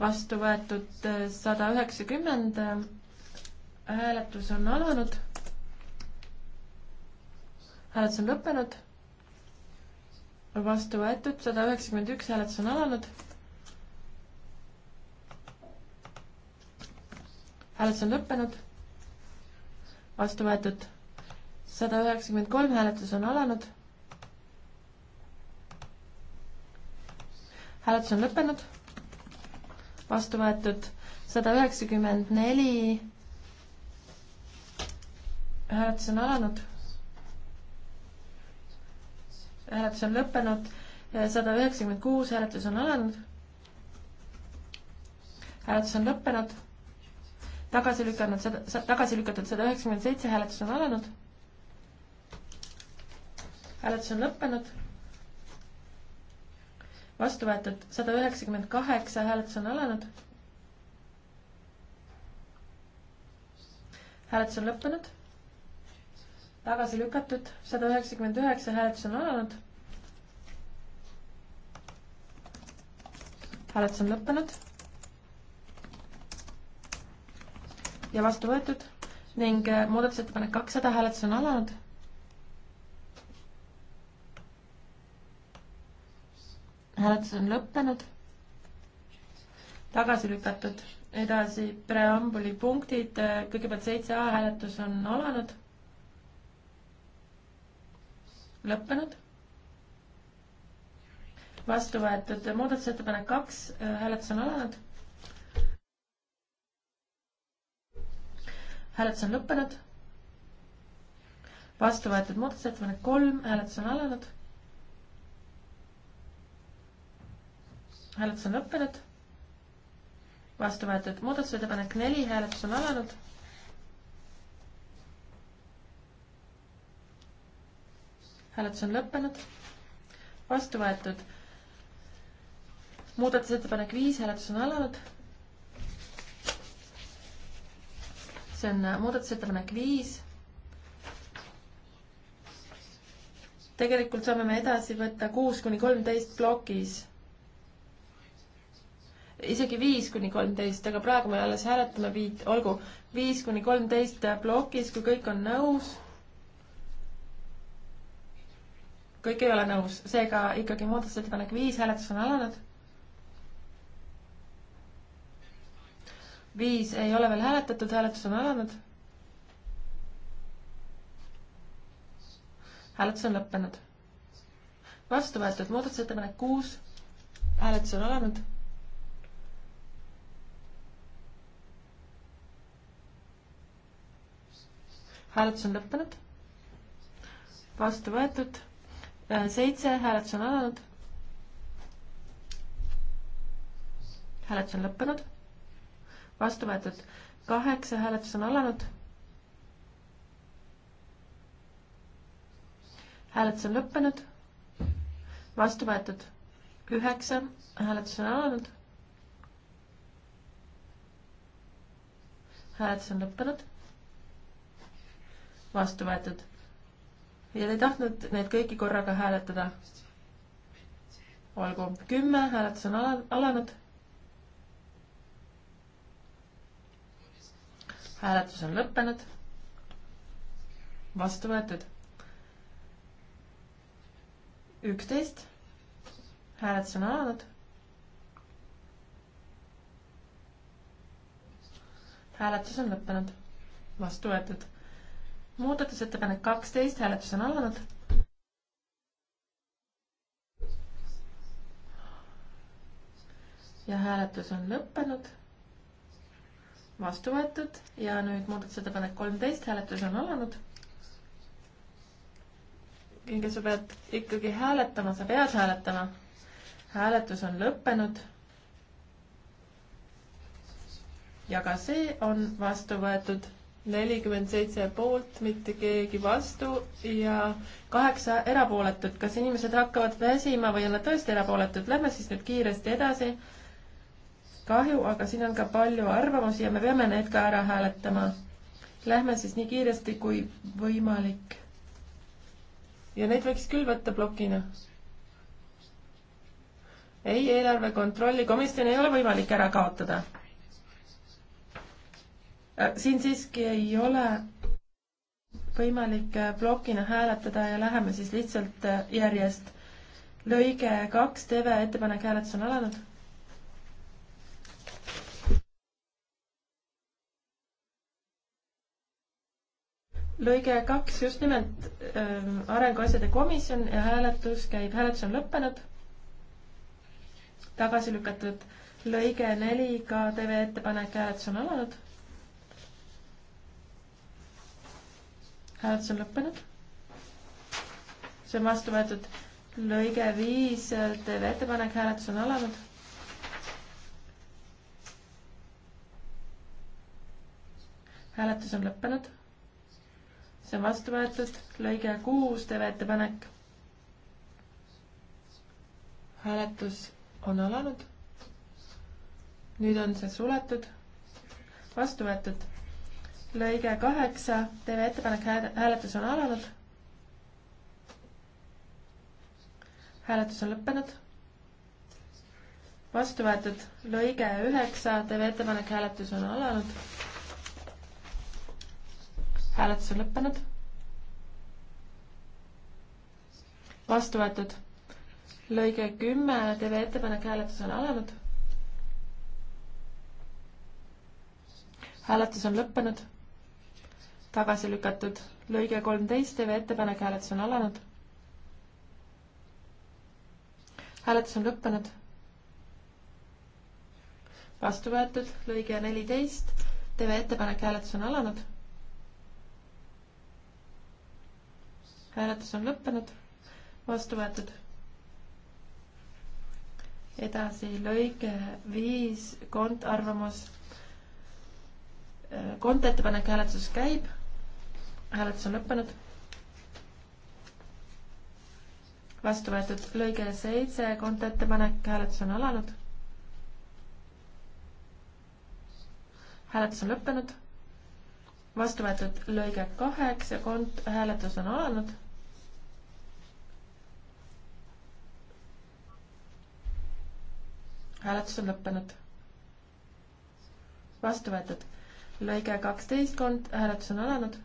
vastu võetud äh, sada üheksakümmend, hääletus on alanud. hääletus on lõppenud, vastu võetud sada üheksakümmend üks, hääletus on alanud hääletus on lõppenud. vastu võetud sada üheksakümmend kolm, hääletus on alanud. hääletus on lõppenud. vastu võetud sada üheksakümmend neli. hääletus on alanud. hääletus on lõppenud. sada üheksakümmend kuus, hääletus on alanud. hääletus on lõppenud tagasi lükanud sada, tagasi lükatud sada üheksakümmend seitse, hääletus on alanud. hääletus on lõppenud. vastu võetud sada üheksakümmend kaheksa, hääletus on alanud. hääletus on lõppenud. tagasi lükatud sada üheksakümmend üheksa, hääletus on alanud hääletus on lõppenud. ja vastu võetud ning äh, muudatusettepanek kakssada, hääletus on alanud. hääletus on lõppenud. tagasi lükatud, edasi preambuli punktid, kõigepealt seitse A hääletus on alanud. lõppenud. vastu võetud muudatusettepanek kaks, äh, hääletus on alanud hääletus on lõppenud. vastu võetud muudatusettepanek kolm, hääletus on alanud. hääletus on lõppenud. vastu võetud muudatusettepanek neli, hääletus on alanud. hääletus on lõppenud. vastu võetud muudatusettepanek viis, hääletus on alanud see on äh, muudatusettepanek viis. tegelikult saame me edasi võtta kuus kuni kolmteist plokis. isegi viis kuni kolmteist, aga praegu me alles hääletame viit, olgu, viis kuni kolmteist plokis, kui kõik on nõus. kõik ei ole nõus, seega ikkagi muudatusettepanek viis, hääletus on alanud viis ei ole veel hääletatud, hääletus on alanud. hääletus on lõppenud. vastu võetud muudatusettepanek kuus, hääletus on alanud. hääletus on lõppenud. vastu võetud äh, seitse, hääletus on alanud. hääletus on lõppenud vastu võetud. kaheksa, hääletus on alanud. hääletus on lõppenud. vastu võetud. üheksa, hääletus on alanud. hääletus on lõppenud. vastu võetud. ja te ei tahtnud neid kõiki korraga hääletada? olgu, kümme, hääletus on alanud hääletus on lõppenud. vastu võetud. üksteist. hääletus on alanud. hääletus on lõppenud. vastu võetud. muudatusettepanek kaksteist, hääletus on alanud. ja hääletus on lõppenud vastu võetud ja nüüd muudatusettepanek kolmteist, hääletus on alanud. kinge, sa pead ikkagi hääletama, sa pead hääletama. hääletus on lõppenud. ja ka see on vastu võetud nelikümmend seitse poolt, mitte keegi vastu ja kaheksa erapooletut. kas inimesed hakkavad väsima või on nad tõesti erapooletud? Lähme siis nüüd kiiresti edasi kahju, aga siin on ka palju arvamusi ja me peame need ka ära hääletama. Lähme siis nii kiiresti kui võimalik. ja neid võiks küll võtta plokina. ei, eelarve kontrolli komisjoni ei ole võimalik ära kaotada. Äh, siin siiski ei ole võimalik äh, plokina hääletada ja läheme siis lihtsalt äh, järjest. lõige kaks, TV ettepanek hääletus on alanud lõige kaks, just nimelt ähm, Arenguasjade Komisjon ja hääletus käib, hääletus on lõppenud, tagasi lükatud. lõige neli, ka TV ettepanek, hääletus on alanud. hääletus on lõppenud. see on vastu võetud. lõige viis, TV ettepanek, hääletus on alanud hääletus on lõppenud see on vastu võetud. lõige kuus, teeme ettepanek. hääletus on alanud. nüüd on see suletud. vastu võetud. lõige kaheksa, teeme ettepanek, hääletus on alanud. hääletus on lõppenud. vastu võetud. lõige üheksa, teeme ettepanek, hääletus on alanud hääletus on lõppenud. vastu võetud. lõige kümme, teeme ettepanek, hääletus on alanud. hääletus on lõppenud. tagasi lükatud. lõige kolmteist, teeme ettepanek, hääletus on alanud. hääletus on lõppenud vastu võetud, lõige neliteist, teeme ettepanek, hääletus on alanud hääletus on lõppenud, vastu võetud. edasi lõige viis, kontarvamus. kontettepanek hääletuses käib, hääletus on lõppenud vastu võetud lõige seitse, kontaettepanek, hääletus on alanud. hääletus on lõppenud. vastu võetud lõige kaheksa, kont-, hääletus on alanud hääletus on lõppenud. vastu võetud. lõige kaksteist kond, hääletus on alanud.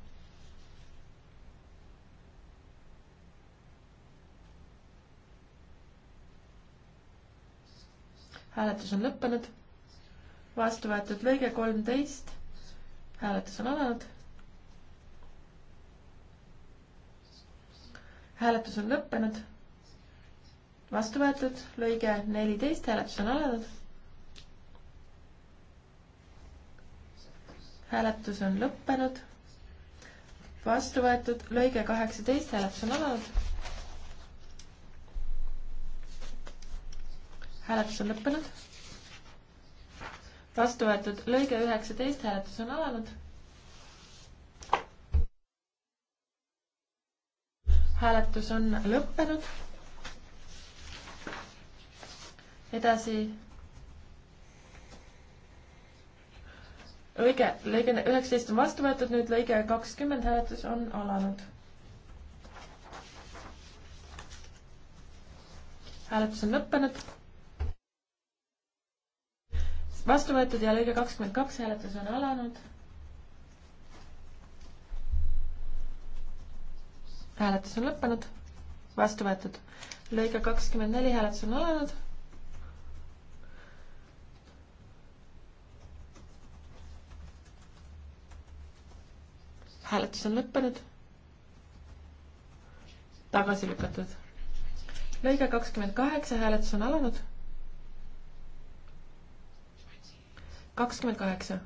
hääletus on lõppenud. vastu võetud lõige kolmteist. hääletus on alanud. hääletus on lõppenud vastu võetud, lõige neliteist, hääletus on alanud. hääletus on lõppenud. vastu võetud, lõige kaheksateist, hääletus on alanud. hääletus on lõppenud. vastu võetud, lõige üheksateist, hääletus on alanud hääletus on lõppenud edasi. lõige, lõige üheksateist on vastu võetud, nüüd lõige kakskümmend hääletus on alanud. hääletus on lõppenud. vastu võetud ja lõige kakskümmend kaks hääletus on alanud. hääletus on lõppenud, vastu võetud. lõige kakskümmend neli hääletus on alanud hääletus on lõppenud. tagasi lükatud. lõige kakskümmend kaheksa, hääletus on alanud. kakskümmend kaheksa.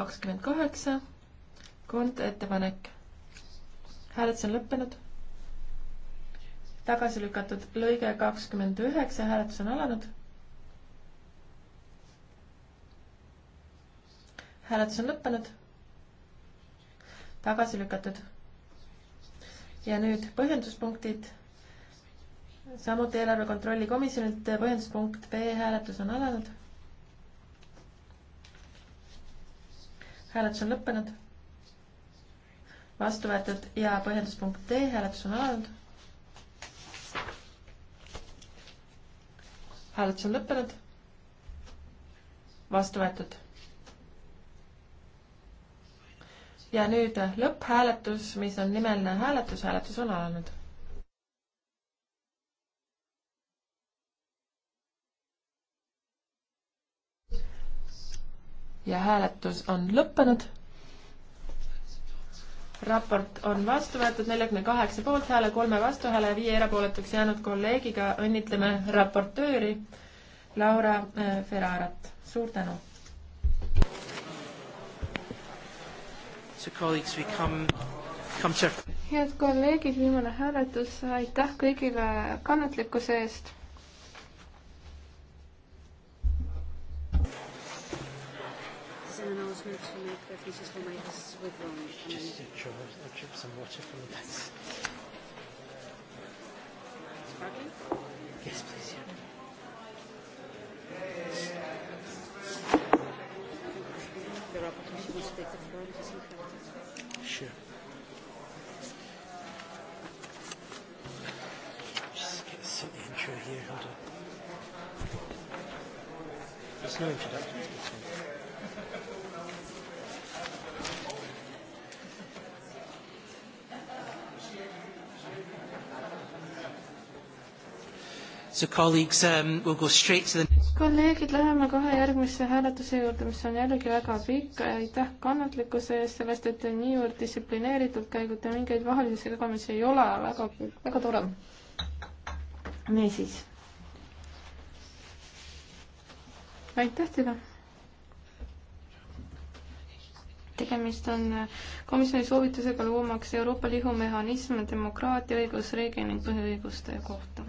kakskümmend kaheksa, koondettepanek. hääletus on lõppenud. tagasi lükatud lõige kakskümmend üheksa, hääletus on alanud hääletus on lõppenud. tagasi lükatud. ja nüüd põhjenduspunktid. samuti eelarve kontrolli komisjonilt põhjenduspunkt B hääletus on alanud. hääletus on lõppenud. vastu võetud ja põhjenduspunkt D hääletus on alanud. hääletus on lõppenud. vastu võetud ja nüüd lõpphääletus, mis on nimeline hääletus, hääletus on alanud. ja hääletus on lõppenud. raport on vastu võetud neljakümne kaheksa poolthääle, kolme vastuhääle ja viie erapooletuks jäänud kolleegiga õnnitleme raportööri Laura äh, Ferrarat, suur tänu head kolleegid, viimane hääletus, aitäh kõigile kannatlikkuse eest. Yes, please. Yeah. the rapporteur wants to take the floor. here. Hold on. There's no introduction to this one. So colleagues, um, we'll go straight to the kolleegid, läheme kohe järgmise hääletuse juurde, mis on jällegi väga pikk. aitäh kannatlikkuse eest, sellest, et te niivõrd distsiplineeritult käigute, mingeid vahelisi segamisi ei ole, väga, väga tore niisiis. aitäh teile. tegemist on komisjoni soovitusega loomaks Euroopa lihumehhanism demokraatia, õigusriigi ning põhiõiguste kohta.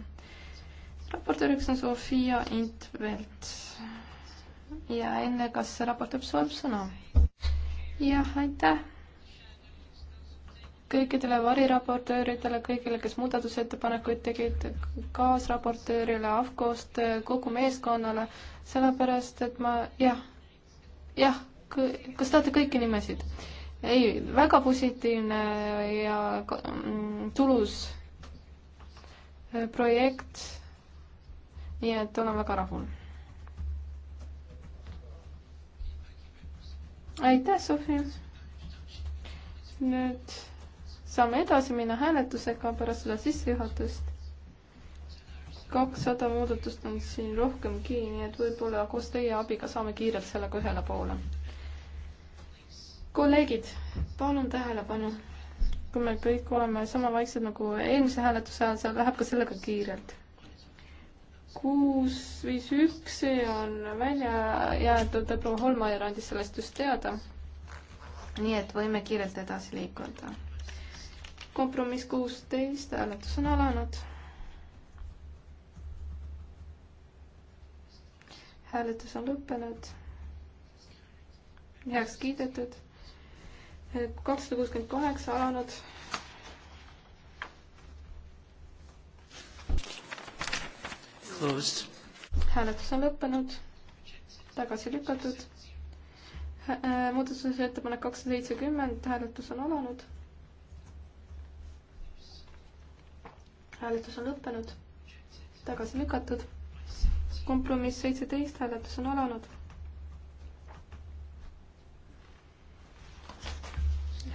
raportööriks on Sofia Intvelt. ja enne, kas raportöör soovib sõna? jah, aitäh kõikidele variraportööridele, kõigile, kes muudatusettepanekuid tegid, kaasraportöörile, AFCO-st, kogu meeskonnale, sellepärast et ma jah, jah, kas tahate kõiki nimesid? ei, väga positiivne ja mm, tulus äh, projekt. nii et olen väga rahul. aitäh, Sofi. nüüd saame edasi minna hääletusega pärast seda sissejuhatust. kakssada muudatust on siin rohkemgi, nii et võib-olla koos teie abiga saame kiirelt sellega ühele poole. kolleegid, palun tähelepanu. kui me kõik oleme sama vaiksed nagu eelmise hääletuse ajal, seal läheb ka sellega kiirelt kuus, viis, üks, see on välja jäetud, proua Holmajärv andis sellest just teada. nii et võime kiirelt edasi liikuda kompromiss kuusteist, hääletus on alanud. hääletus on lõppenud. heaks kiidetud. kakssada kuuskümmend kaheksa alanud. Closed. hääletus on lõppenud, tagasi lükatud. Äh, muudatusettepanek kakssada seitsekümmend, hääletus on alanud hääletus on lõppenud, tagasi lükatud. kompromiss seitseteist, hääletus on alanud.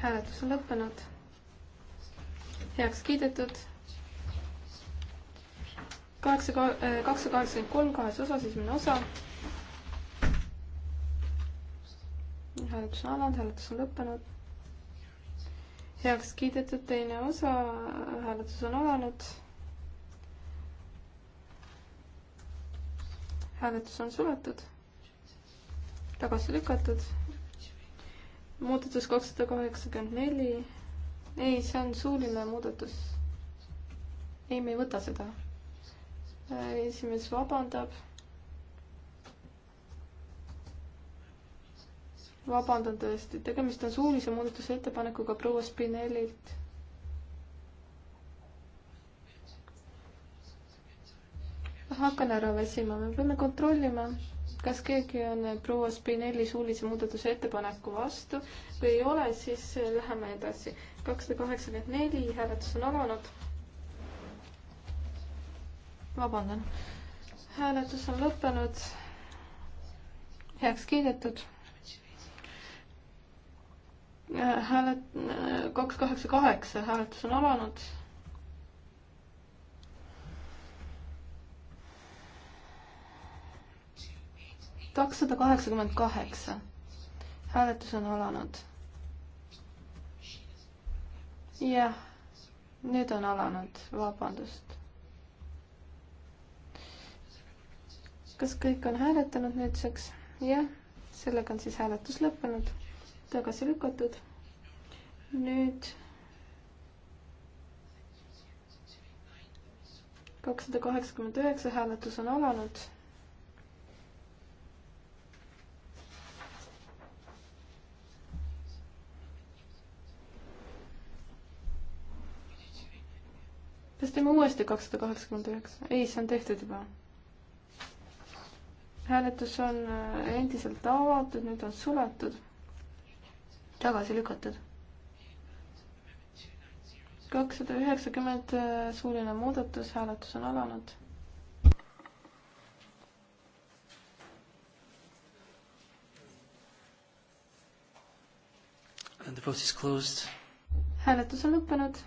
hääletus on lõppenud, heaks kiidetud. kaheksa, kakssada kaheksakümmend kolm kahes osas, esimene osa. hääletus on alanud, hääletus on lõppenud heaks kiidetud, teine osa, hääletus on alanud. hääletus on suletud, tagasi lükatud. muudatus kakssada kaheksakümmend neli. ei, see on suuline muudatus. ei, me ei võta seda. esimees vabandab vabandan tõesti, tegemist on suulise muudatusettepanekuga proua Spinellilt. hakkan ära väsima, me peame kontrollima, kas keegi on proua Spinelli suulise muudatusettepaneku vastu või ei ole, siis läheme edasi. kakssada kaheksakümmend neli, hääletus on alanud. vabandan, hääletus on lõppenud, heaks kiidetud hääled, kaks kaheksa kaheksa hääletus on alanud. kakssada kaheksakümmend kaheksa hääletus on alanud. jah, nüüd on alanud, vabandust. kas kõik on hääletanud nüüdseks? jah, sellega on siis hääletus lõppenud tagasi lükatud. nüüd kakssada kaheksakümmend üheksa hääletus on alanud. kas teeme uuesti kakssada kaheksakümmend üheksa? ei, see on tehtud juba. hääletus on äh, endiselt avatud, nüüd on suletud tagasi lükatud. kakssada üheksakümmend äh, suuline muudatus, hääletus on alanud. And the vote is closed. hääletus on lõppenud,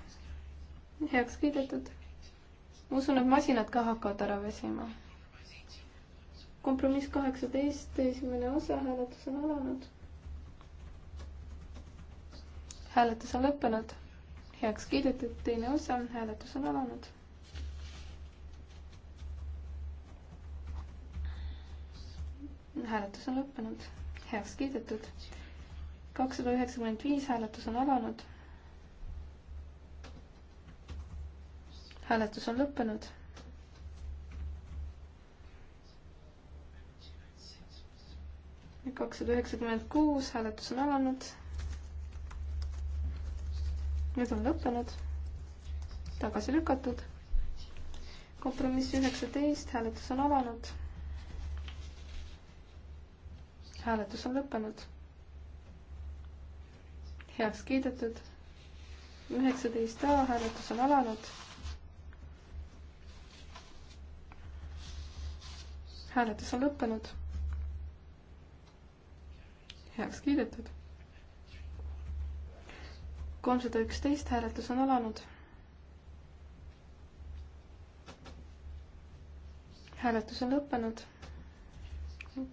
heaks kiidetud. usun, et masinad ka hakkavad ära väsima. kompromiss kaheksateist, esimene osa, hääletus on alanud hääletus on lõppenud, heaks kiidetud, teine osa, hääletus on alanud. hääletus on lõppenud, heaks kiidetud, kakssada üheksakümmend viis, hääletus on alanud. hääletus on lõppenud kakssada üheksakümmend kuus, hääletus on alanud nüüd on lõppenud, tagasi lükatud. kompromiss üheksateist, hääletus on avanud. hääletus on lõppenud. heaks kiidetud. üheksateist A hääletus on alanud hääletus on lõppenud. heaks kiidetud kolmsada üksteist hääletus on alanud. hääletus on lõppenud.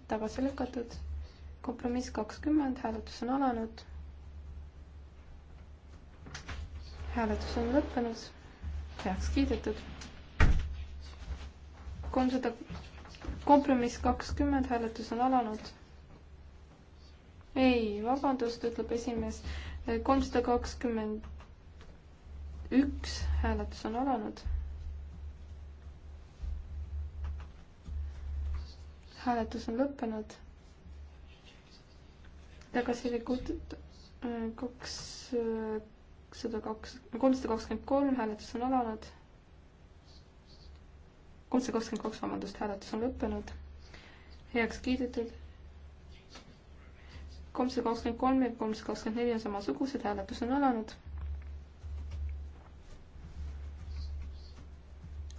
tagasi lükatud. kompromiss kakskümmend, hääletus on alanud. hääletus on lõppenud. heaks kiidetud. kolmsada, kompromiss kakskümmend, hääletus on alanud. ei, vabandust, ütleb esimees kolmsada kakskümmend üks hääletus on alanud. hääletus on lõppenud. tagasi lükatud äh, kakssada äh, kaks, kolmsada kakskümmend kolm hääletus on alanud. kolmsada kakskümmend kaks, vabandust, hääletus on lõppenud. heaks kiidetud kolmsada kakskümmend kolm ja kolmsada kakskümmend neli on samasugused, hääletus on alanud.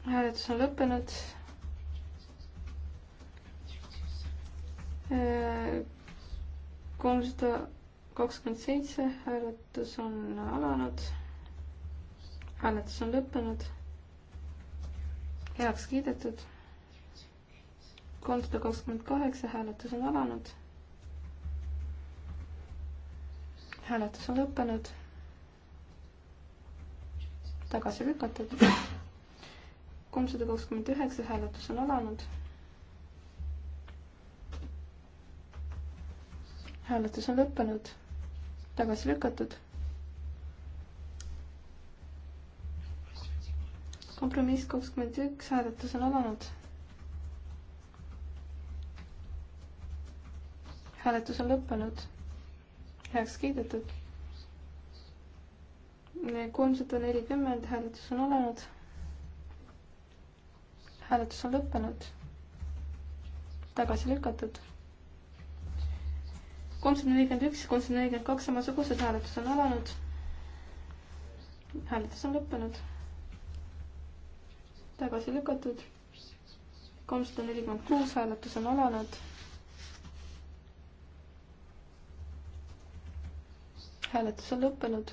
hääletus on lõppenud. kolmsada kakskümmend seitse, hääletus on alanud. hääletus on lõppenud. heaks kiidetud. kolmsada kakskümmend kaheksa, hääletus on alanud hääletus on lõppenud. tagasi lükatud. kolmsada kakskümmend üheksa hääletus on alanud. hääletus on lõppenud, tagasi lükatud. kompromiss kakskümmend üks, hääletus on alanud hääletus on lõppenud heaks kiidetud. kolmsada nelikümmend hääletus on alanud. hääletus on lõppenud. tagasi lükatud. kolmsada nelikümmend üks, kolmsada nelikümmend kaks samasugused hääletus on alanud. hääletus on lõppenud. tagasi lükatud. kolmsada nelikümmend kuus hääletus on alanud hääletus on lõppenud.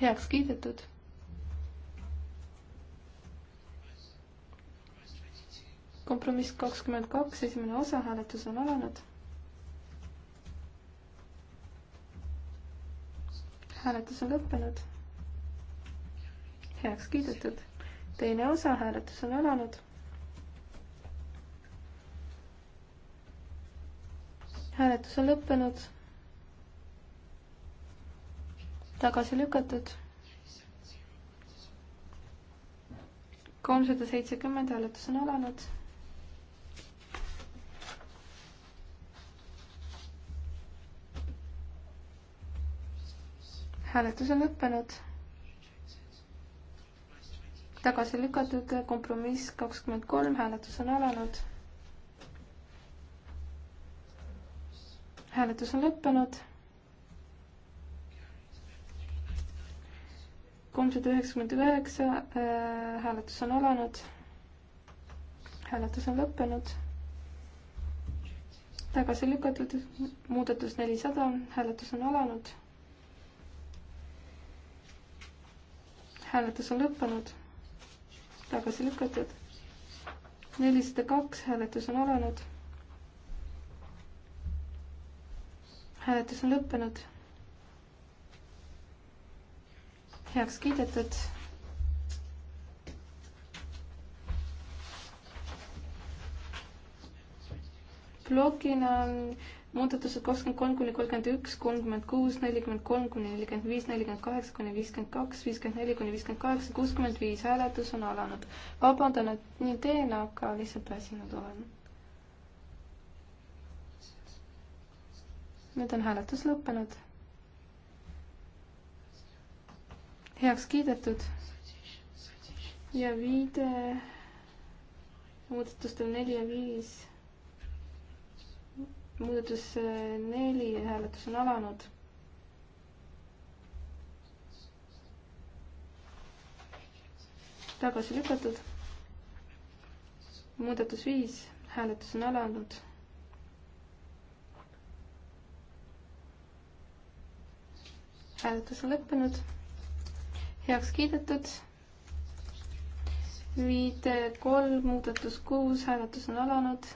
heaks kiidetud. kompromiss kakskümmend kaks, esimene osa, hääletus on alanud. hääletus on lõppenud. heaks kiidetud. teine osa, hääletus on alanud hääletus on lõppenud. tagasi lükatud. kolmsada seitsekümmend hääletus on alanud. hääletus on lõppenud tagasi lükatud, kompromiss kakskümmend kolm, hääletus on alanud. hääletus on lõppenud. kolmsada üheksakümmend üheksa äh, hääletus on alanud. hääletus on lõppenud. tagasi lükatud muudatus nelisada, hääletus on alanud. hääletus on lõppenud. tagasi lükatud. nelisada kaks hääletus on alanud hääletus on lõppenud. heaks kiidetud. plokina muudatused kakskümmend kolm kuni kolmkümmend üks, kolmkümmend kuus, nelikümmend kolm kuni nelikümmend viis, nelikümmend kaheksa kuni viiskümmend kaks, viiskümmend neli kuni viiskümmend kaheksa, kuuskümmend viis hääletus on alanud. vabandan, et nii teen, aga lihtsalt väsinud olen nüüd on hääletus lõppenud. heaks kiidetud. ja viide muudatustel neli ja viis. muudatus äh, neli, hääletus on alanud. tagasi lükatud. muudatus viis, hääletus on alanud hääletus on lõppenud, heaks kiidetud. viide kolm, muudatus kuus, hääletus on alanud.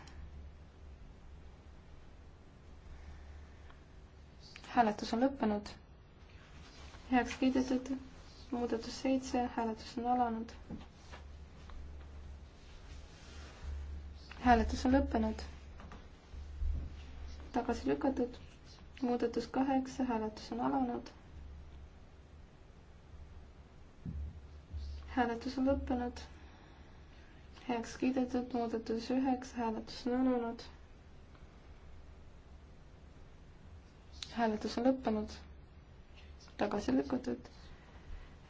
hääletus on lõppenud, heaks kiidetud. muudatus seitse, hääletus on alanud. hääletus on lõppenud, tagasi lükatud. muudatus kaheksa, hääletus on alanud hääletus on lõppenud. heaks kiidetud muudatus üheksa, hääletus on alanud. hääletus on lõppenud. tagasi lükatud.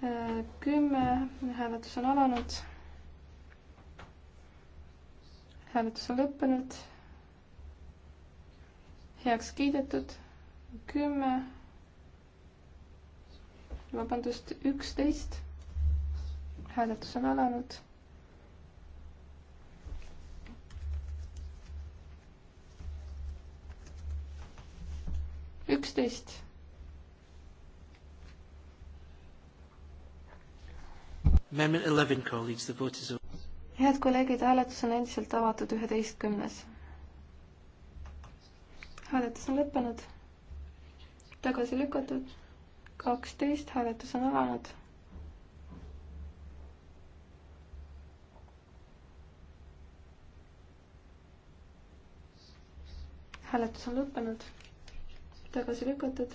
Äh, kümme, hääletus on alanud. hääletus on lõppenud. heaks kiidetud. kümme. vabandust, üksteist hääletus on alanud. üksteist. Amendment eleven, colleagues, the vote is over. head kolleegid, hääletus on endiselt avatud üheteistkümnes. hääletus on lõppenud, tagasi lükatud, kaksteist, hääletus on alanud hääletus on lõppenud, tagasi lükatud.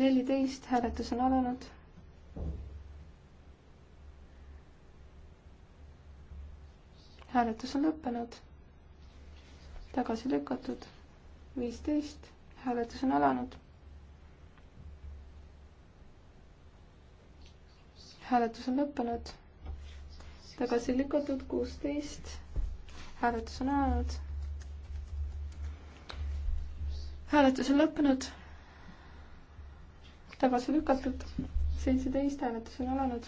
neliteist, hääletus on alanud. hääletus on lõppenud, tagasi lükatud. viisteist, hääletus on alanud. hääletus on lõppenud, tagasi lükatud kuusteist hääletus on alanud. hääletus on lõppenud. tagasi lükatud, seitseteist hääletus on alanud.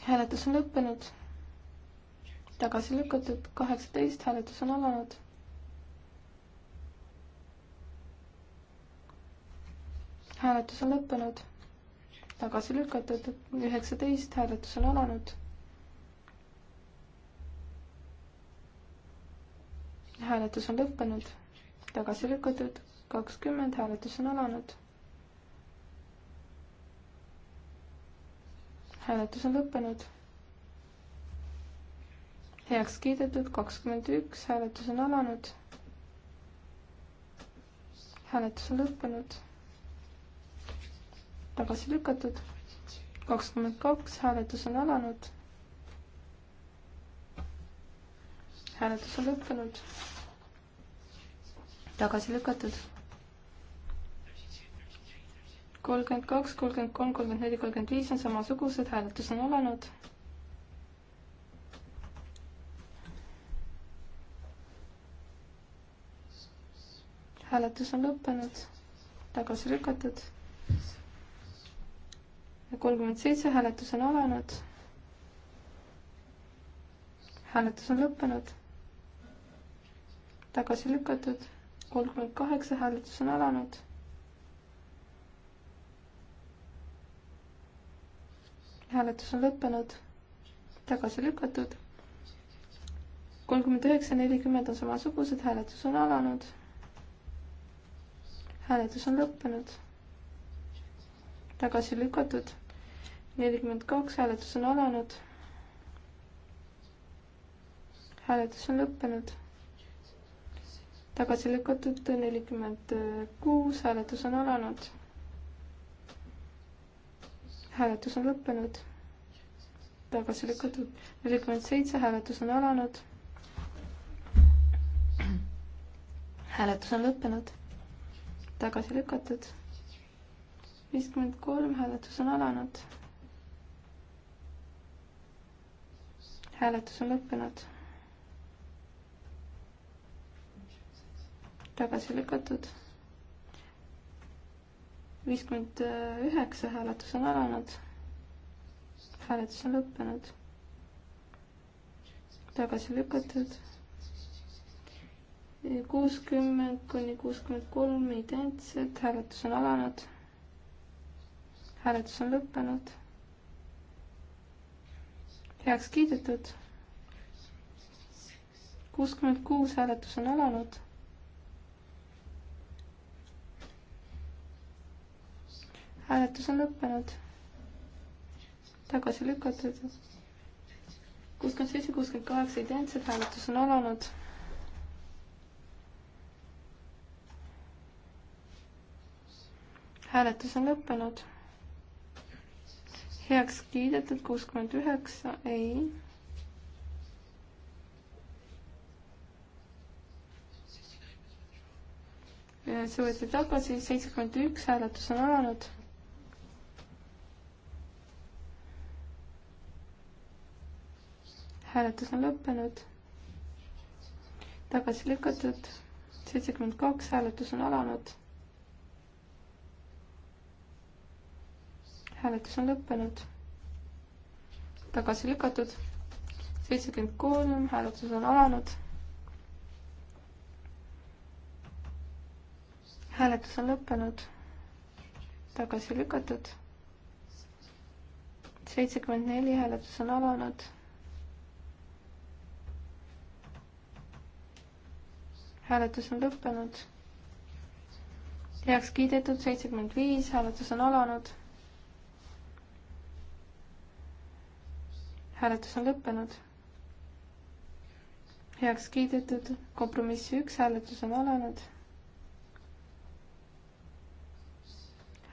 hääletus on lõppenud. tagasi lükatud, kaheksateist hääletus on alanud. hääletus on lõppenud tagasi lükatud, üheksateist hääletus on alanud. hääletus on lõppenud, tagasi lükatud, kakskümmend, hääletus on alanud. hääletus on lõppenud. heaks kiidetud, kakskümmend üks, hääletus on alanud. hääletus on lõppenud. tagasi lükatud, kakskümmend kaks, hääletus on alanud hääletus on lõppenud. tagasi lükatud. kolmkümmend kaks, kolmkümmend kolm, kolmkümmend neli, kolmkümmend viis on samasugused, hääletus on alanud. hääletus on lõppenud, tagasi lükatud. kolmkümmend seitse, hääletus on alanud hääletus on lõppenud tagasi lükatud, kolmkümmend kaheksa hääletus on alanud. hääletus on lõppenud, tagasi lükatud. kolmkümmend üheksa, nelikümmend on samasugused, hääletus on alanud. hääletus on lõppenud, tagasi lükatud. nelikümmend kaks, hääletus on alanud. hääletus on lõppenud tagasi lükatud nelikümmend kuus, hääletus on alanud. hääletus on lõppenud. tagasi lükatud nelikümmend seitse, hääletus on alanud. hääletus on lõppenud. tagasi lükatud viiskümmend kolm, hääletus on alanud. hääletus on lõppenud. tagasi lükatud. viiskümmend üheksa hääletus on alanud. hääletus on lõppenud. tagasi lükatud. kuuskümmend kuni kuuskümmend kolm identsed, hääletus on alanud. hääletus on lõppenud. heaks kiidetud kuuskümmend kuus hääletus on alanud hääletus on lõppenud. tagasi lükatud. kuuskümmend seitse, kuuskümmend kaheksa identsed, hääletus on alanud. hääletus on lõppenud. heaks kiidetud kuuskümmend üheksa, ei see võeti tagasi, seitsekümmend üks hääletus on alanud. hääletus on lõppenud. tagasi lükatud, seitsekümmend kaks, hääletus on alanud. hääletus on lõppenud. tagasi lükatud, seitsekümmend kolm, hääletus on alanud. hääletus on lõppenud, tagasi lükatud, seitsekümmend neli, hääletus on alanud hääletus on lõppenud. heaks kiidetud seitsekümmend viis, hääletus on alanud. hääletus on lõppenud. heaks kiidetud kompromiss üks, hääletus on alanud.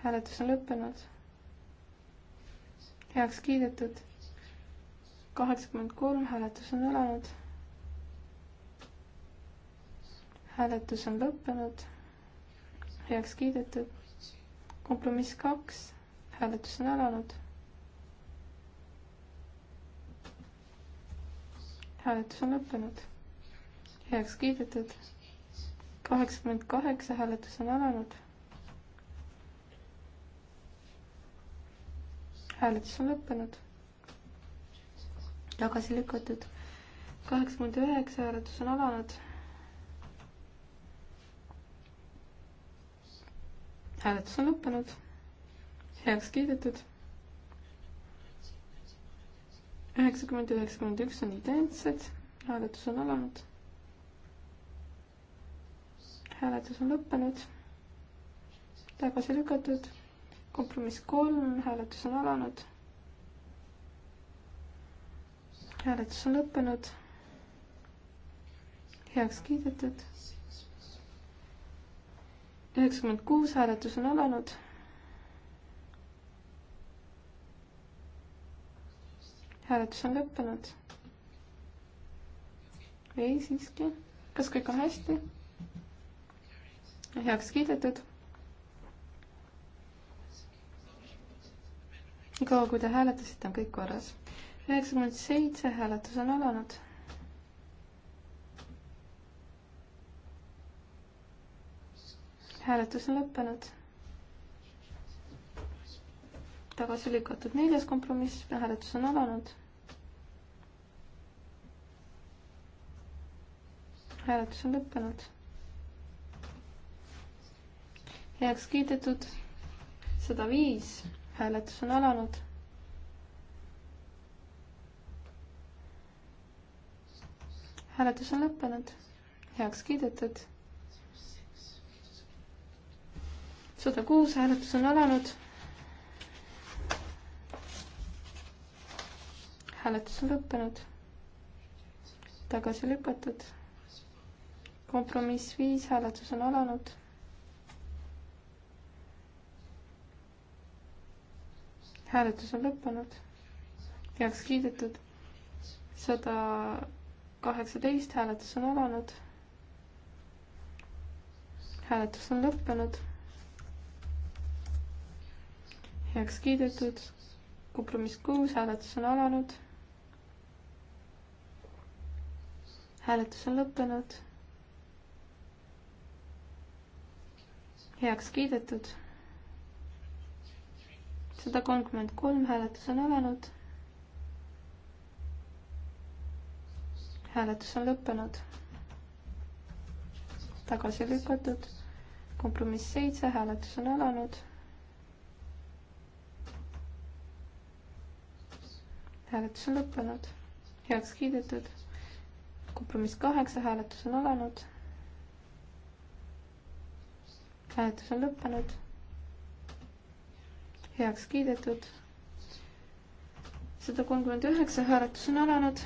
hääletus on lõppenud. heaks kiidetud kaheksakümmend kolm, hääletus on alanud hääletus on lõppenud, heaks kiidetud. kompromiss kaks, hääletus on alanud. hääletus on lõppenud, heaks kiidetud. kaheksakümmend kaheksa, hääletus on alanud. hääletus on lõppenud, tagasi lükatud. kaheksakümmend üheksa, hääletus on alanud hääletus on lõppenud, heaks kiidetud. üheksakümmend ja üheksakümmend üks on identsed, hääletus on alanud. hääletus on lõppenud, tagasi lükatud, kompromiss kolm, hääletus on alanud. hääletus on lõppenud, heaks kiidetud üheksakümmend kuus hääletus on alanud. hääletus on lõppenud. ei siiski, kas kõik on hästi? heaks kiidetud. niikaua, kui te hääletasite, on kõik korras. üheksakümmend seitse hääletus on alanud hääletus on lõppenud. tagasi lükatud neljas kompromiss, hääletus on alanud. hääletus on lõppenud. heaks kiidetud sada viis, hääletus on alanud. hääletus on lõppenud, heaks kiidetud sada kuus, hääletus on alanud. hääletus on lõppenud. tagasi lükatud. kompromiss viis, hääletus on alanud. hääletus on lõppenud. heaks kiidetud. sada kaheksateist, hääletus on alanud. hääletus on lõppenud heaks kiidetud, kompromiss kuus, hääletus on alanud. hääletus on lõppenud. heaks kiidetud. sada kolmkümmend kolm hääletus on alanud. hääletus on lõppenud. tagasi lükatud. kompromiss seitse, hääletus on alanud hääletus on lõppenud, heaks kiidetud. kompromiss kaheksa, hääletus on alanud. hääletus on lõppenud, heaks kiidetud. sada kolmkümmend üheksa, hääletus on alanud.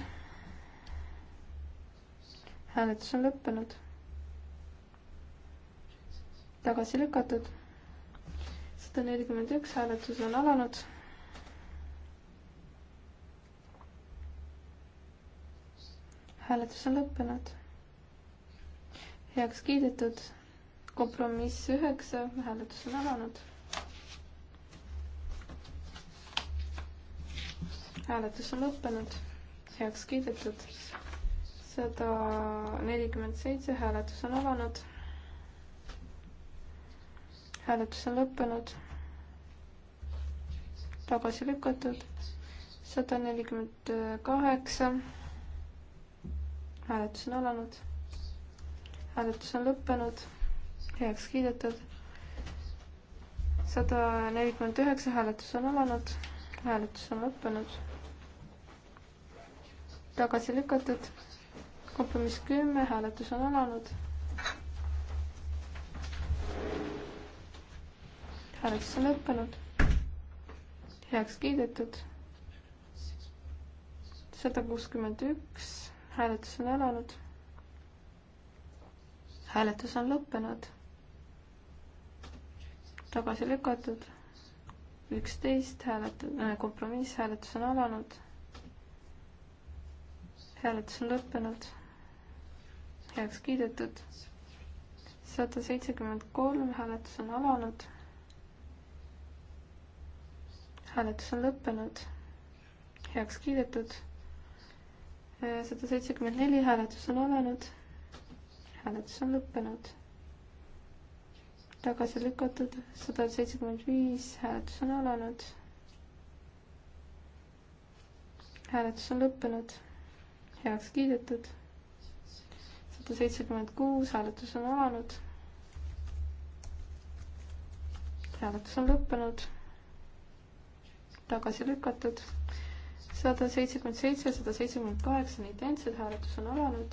hääletus on lõppenud, tagasi lükatud. sada nelikümmend üks, hääletus on alanud hääletus on lõppenud. heaks kiidetud. kompromiss üheksa, hääletus on alanud. hääletus on lõppenud, heaks kiidetud. sada nelikümmend seitse, hääletus on alanud. hääletus on lõppenud. tagasi lükatud. sada nelikümmend kaheksa hääletus on alanud. hääletus on lõppenud, heaks kiidetud. sada nelikümmend üheksa hääletus on alanud, hääletus on lõppenud. tagasi lükatud, kompromiss kümme, hääletus on alanud. hääletus on lõppenud, heaks kiidetud. sada kuuskümmend üks hääletus on alanud. hääletus on lõppenud. tagasi lükatud. üksteist hääletus, äh, kompromiss, hääletus on alanud. hääletus on lõppenud. heaks kiidetud. sada seitsekümmend kolm, hääletus on alanud. hääletus on lõppenud. heaks kiidetud sada seitsekümmend neli, hääletus on alanud. hääletus on lõppenud. tagasi lükatud, sada seitsekümmend viis, hääletus on alanud. hääletus on lõppenud, heaks kiidetud. sada seitsekümmend kuus, hääletus on alanud. hääletus on lõppenud, tagasi lükatud sada seitsekümmend seitse, sada seitsekümmend kaheksa on identsed, hääletus on alanud.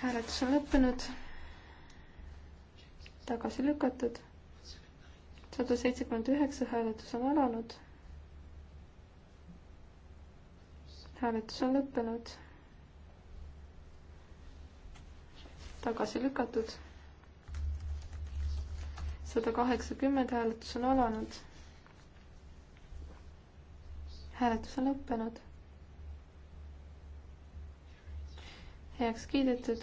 hääletus on lõppenud. tagasi lükatud. sada seitsekümmend üheksa, hääletus on alanud. hääletus on lõppenud. tagasi lükatud. sada kaheksakümmend, hääletus on alanud hääletus on lõppenud. heaks kiidetud.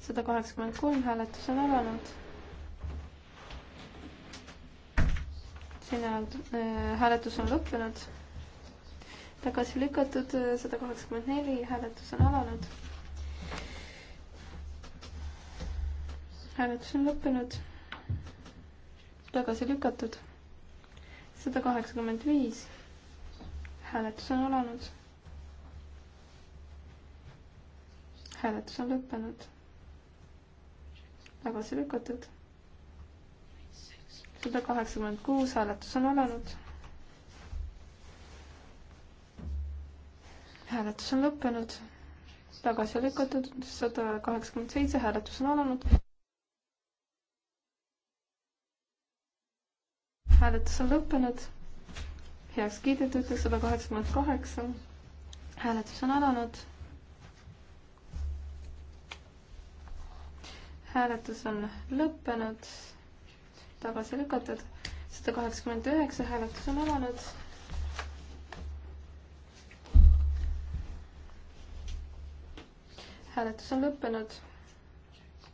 sada kaheksakümmend kolm hääletus on alanud. sinna äh, hääletus on lõppenud. tagasi lükatud äh, sada kaheksakümmend neli, hääletus on alanud. hääletus on lõppenud. tagasi lükatud. sada kaheksakümmend viis hääletus on alanud. hääletus on lõppenud. tagasi lükatud. sada kaheksakümmend kuus, hääletus on alanud. hääletus on lõppenud. tagasi lükatud, sada kaheksakümmend seitse, hääletus on alanud. hääletus on lõppenud heaks kiidetud, sada kaheksakümmend kaheksa. hääletus on alanud. hääletus on lõppenud, tagasi lükatud, sada kaheksakümmend üheksa, hääletus on alanud. hääletus on lõppenud,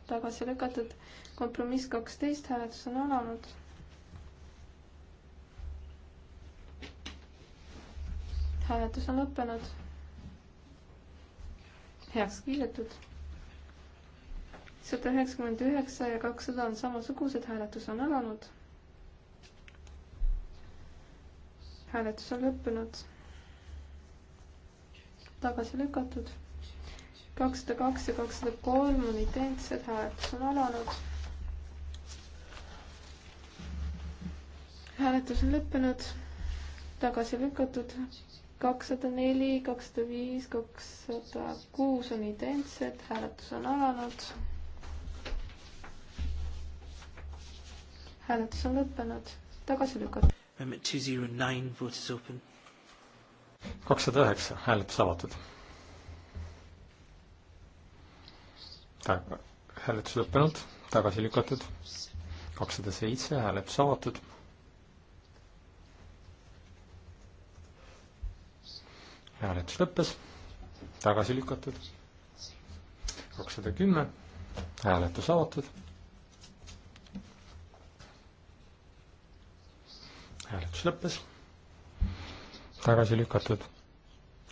tagasi lükatud, kompromiss kaksteist, hääletus on alanud hääletus on lõppenud. heaks kiidetud. sada üheksakümmend üheksa ja kakssada on samasugused, hääletus on alanud. hääletus on lõppenud. tagasi lükatud. kakssada kaks ja kakssada kolm on identsed, hääletus on alanud hääletus on lõppenud, tagasi lükatud, kakssada neli, kakssada viis, kakssada kuus on identsed, hääletus on alanud. hääletus on lõppenud, tagasi lükatud. kakssada üheksa, hääletus avatud. hääletus lõppenud, tagasi lükatud. kakssada seitse, hääletus avatud hääletus lõppes, tagasi lükatud. kakssada kümme, hääletus avatud. hääletus lõppes, tagasi lükatud.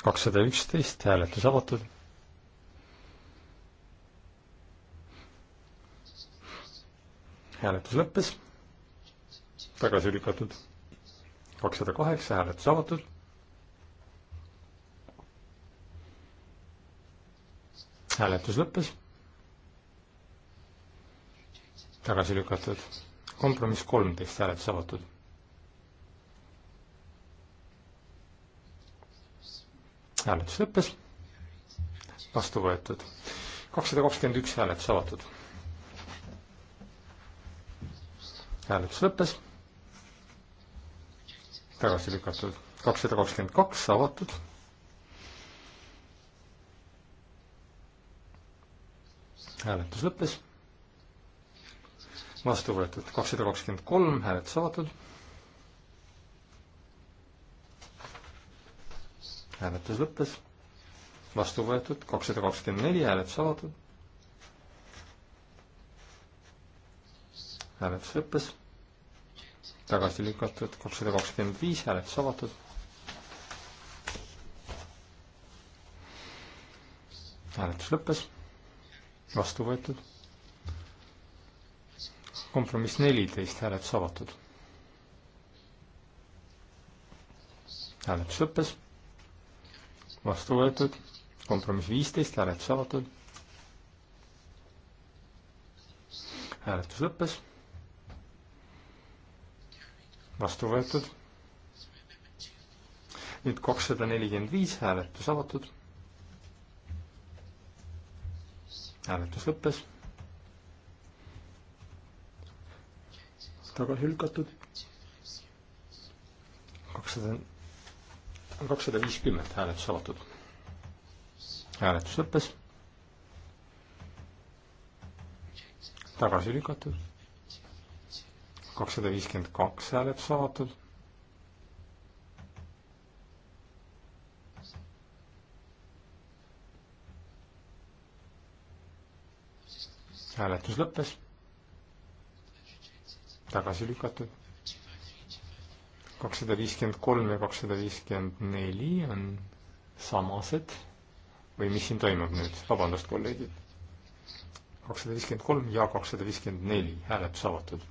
kakssada üksteist, hääletus avatud. hääletus lõppes, tagasi lükatud. kakssada kaheksa, hääletus avatud hääletus lõppes. tagasi lükatud. kompromiss kolmteist hääletus avatud. hääletus lõppes. vastu võetud. kakssada kakskümmend üks hääletus avatud. hääletus lõppes. tagasi lükatud. kakssada kakskümmend kaks avatud hääletus lõppes. vastu võetud kakssada kakskümmend kolm, hääletus avatud. hääletus lõppes. vastu võetud kakssada kakskümmend neli, hääletus avatud. hääletus lõppes. tagasi lükatud kakssada kakskümmend viis, hääletus avatud. hääletus lõppes vastu võetud. kompromiss neliteist hääletus avatud. hääletus lõppes, vastu võetud, kompromiss viisteist hääletus avatud. hääletus lõppes, vastu võetud. nüüd kakssada nelikümmend viis hääletus avatud hääletus lõppes. tagasi lükatud. kakssada, kakssada viiskümmend hääletus avatud. hääletus lõppes. tagasi lükatud. kakssada viiskümmend kaks hääletus avatud hääletus lõppes. tagasi lükatud. kakssada viiskümmend kolm ja kakssada viiskümmend neli on samased või mis siin toimub nüüd, vabandust, kolleegid. kakssada viiskümmend kolm ja kakssada viiskümmend neli hääletus avatud.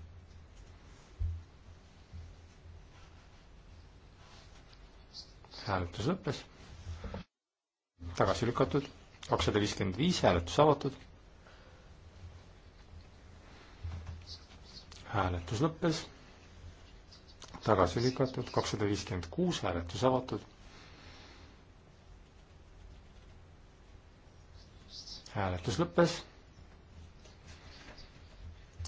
hääletus lõppes. tagasi lükatud, kakssada viiskümmend viis hääletus avatud hääletus lõppes, tagasi lükatud, kakssada viiskümmend kuus, hääletus avatud. hääletus lõppes.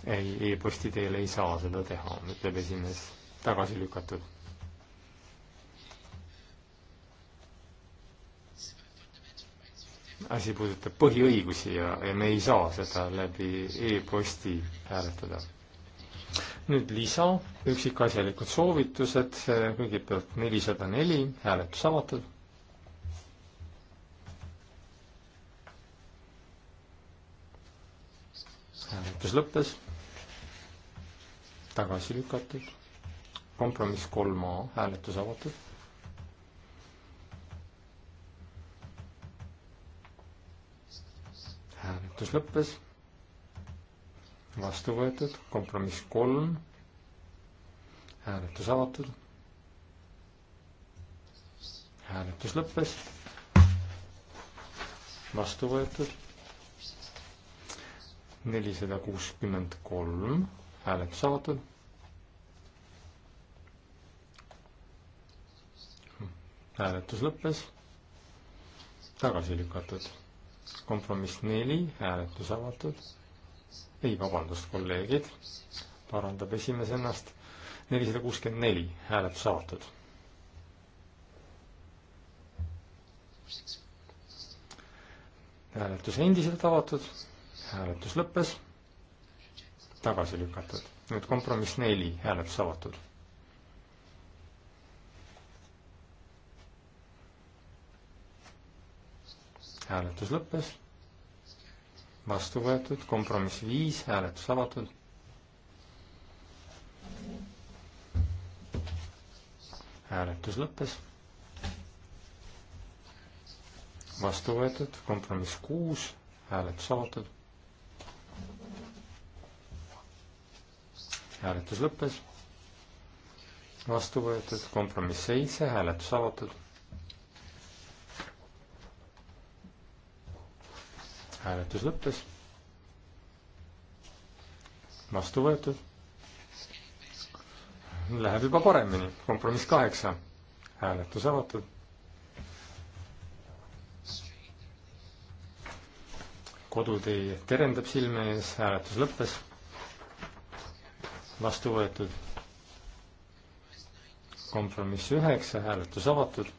ei e, e-posti teel ei saa seda teha, ütleb esimees, tagasi lükatud. asi puudutab põhiõigusi ja, ja me ei saa seda läbi e-posti hääletada nüüd lisa, üksikasjalikud soovitused, kõigepealt nelisada neli, hääletus avatud. hääletus lõppes, tagasi lükatud, kompromiss kolm A, hääletus avatud. hääletus lõppes vastu võetud, kompromiss kolm, hääletus avatud. hääletus lõppes, vastu võetud, nelisada kuuskümmend kolm, hääletus avatud. hääletus lõppes, tagasi lükatud, kompromiss neli, hääletus avatud ei, vabandust, kolleegid, parandab esimees ennast, nelisada kuuskümmend neli hääled saadud. hääletus endiselt avatud, hääletus lõppes, tagasi lükatud. nüüd kompromiss neli, hääletus avatud hääletus lõppes vastu võetud, kompromiss viis, hääletus avatud. hääletus lõppes. vastu võetud, kompromiss kuus, hääletus avatud. hääletus lõppes. vastu võetud, kompromiss seitse, hääletus avatud hääletus lõppes. vastu võetud. Läheb juba paremini, kompromiss kaheksa, hääletus avatud. kodutee terendab silme ees, hääletus lõppes. vastu võetud. kompromiss üheksa, hääletus avatud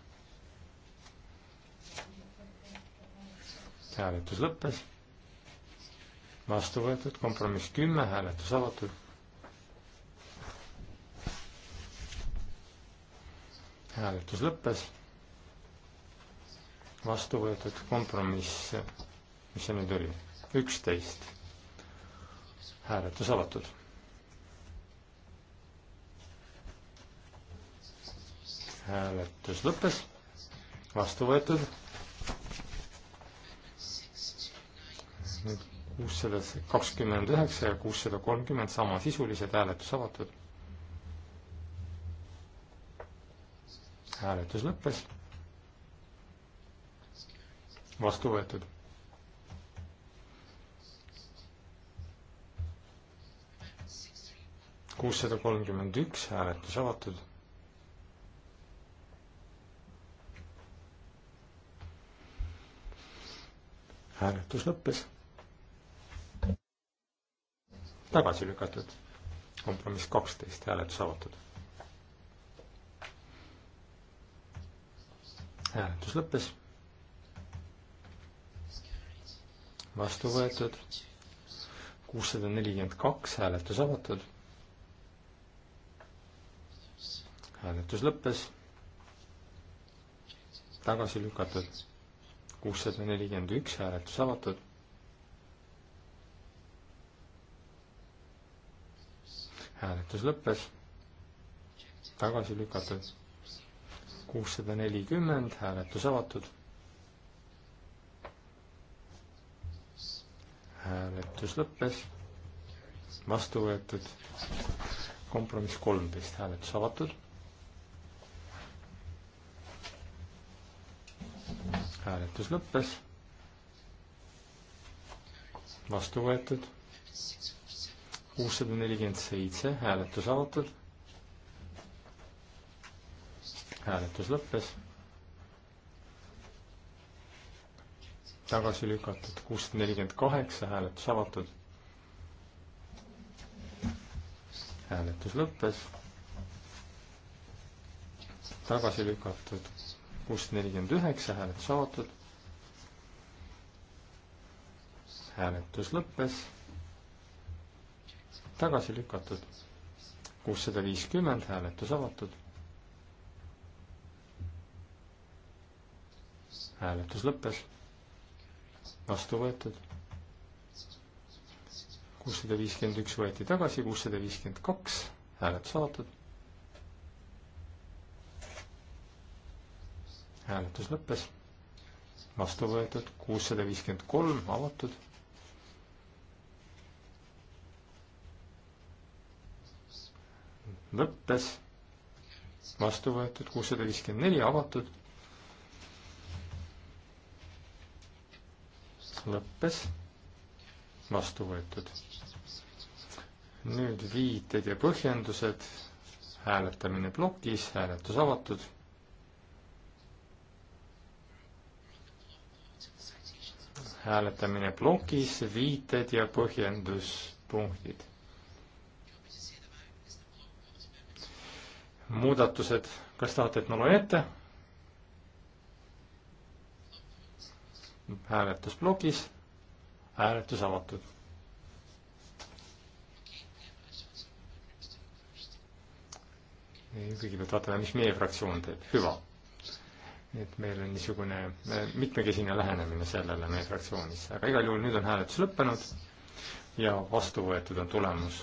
hääletus lõppes. vastu võetud kompromiss kümme, hääletus avatud. hääletus lõppes. vastu võetud kompromiss, mis see nüüd oli, üksteist. hääletus avatud hääletus lõppes, vastu võetud nüüd kuussada kakskümmend üheksa ja kuussada kolmkümmend samasisulised hääletus avatud. hääletus lõppes. vastu võetud. kuussada kolmkümmend üks hääletus avatud hääletus lõppes tagasi lükatud. kompromiss kaksteist, hääletus avatud. hääletus lõppes. vastu võetud. kuussada nelikümmend kaks, hääletus avatud. hääletus lõppes. tagasi lükatud. kuussada nelikümmend üks, hääletus avatud hääletus lõppes, tagasi lükatud. kuussada nelikümmend, hääletus avatud. hääletus lõppes, vastu võetud. kompromiss kolmteist, hääletus avatud. hääletus lõppes, vastu võetud kuussada nelikümmend seitse, hääletus avatud. hääletus lõppes. tagasi lükatud kuussada nelikümmend kaheksa, hääletus avatud. hääletus lõppes. tagasi lükatud kuussada nelikümmend üheksa, hääletus avatud. hääletus lõppes tagasi lükatud. kuussada viiskümmend hääletus avatud. hääletus lõppes. vastu võetud. kuussada viiskümmend üks võeti tagasi, kuussada viiskümmend kaks hääletus avatud. hääletus lõppes. vastu võetud kuussada viiskümmend kolm avatud lõppes, vastu võetud kuussada viiskümmend neli, avatud, lõppes, vastu võetud. nüüd viited ja põhjendused, hääletamine plokis, hääletus avatud hääletamine plokis, viited ja põhjenduspunktid. muudatused, kas tahate, et ma loen ette? hääletusplokis, hääletus avatud. kõigepealt vaatame, mis meie fraktsioon teeb, hüva. et meil on niisugune äh, mitmekesine lähenemine sellele meie fraktsioonis, aga igal juhul nüüd on hääletus lõppenud ja vastu võetud on tulemus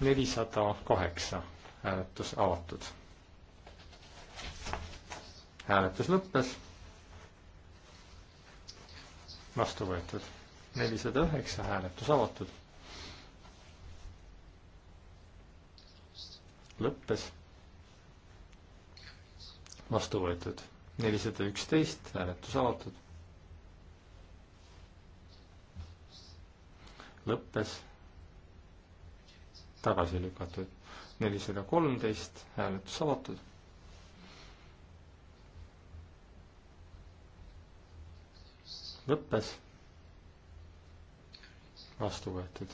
nelisada kaheksa hääletus avatud. hääletus lõppes. vastu võetud nelisada üheksa, hääletus avatud. lõppes. vastu võetud nelisada üksteist, hääletus avatud. lõppes. tagasi lükatud nelisada kolmteist, hääletus avatud. lõppes. vastu võetud.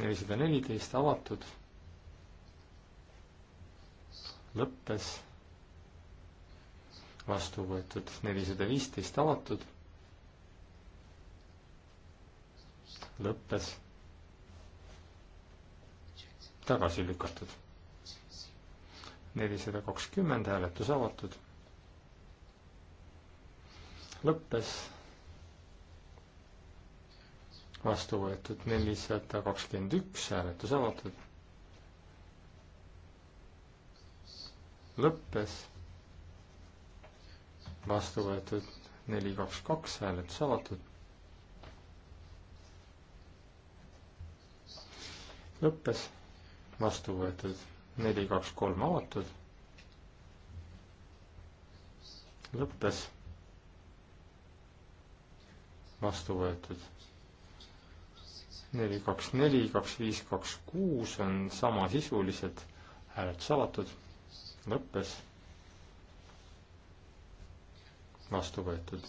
nelisada neliteist avatud. lõppes. vastu võetud. nelisada viisteist avatud. lõppes tagasi lükatud. nelisada kakskümmend hääletus avatud. lõppes. vastu võetud nelisada kakskümmend üks hääletus avatud. lõppes. vastu võetud neli, kaks, kaks hääletus avatud. lõppes vastu võetud, neli, kaks, kolm avatud, lõppes, vastu võetud, neli, kaks, neli, kaks, viis, kaks, kuus on samasisulised, hääletus avatud, lõppes, vastu võetud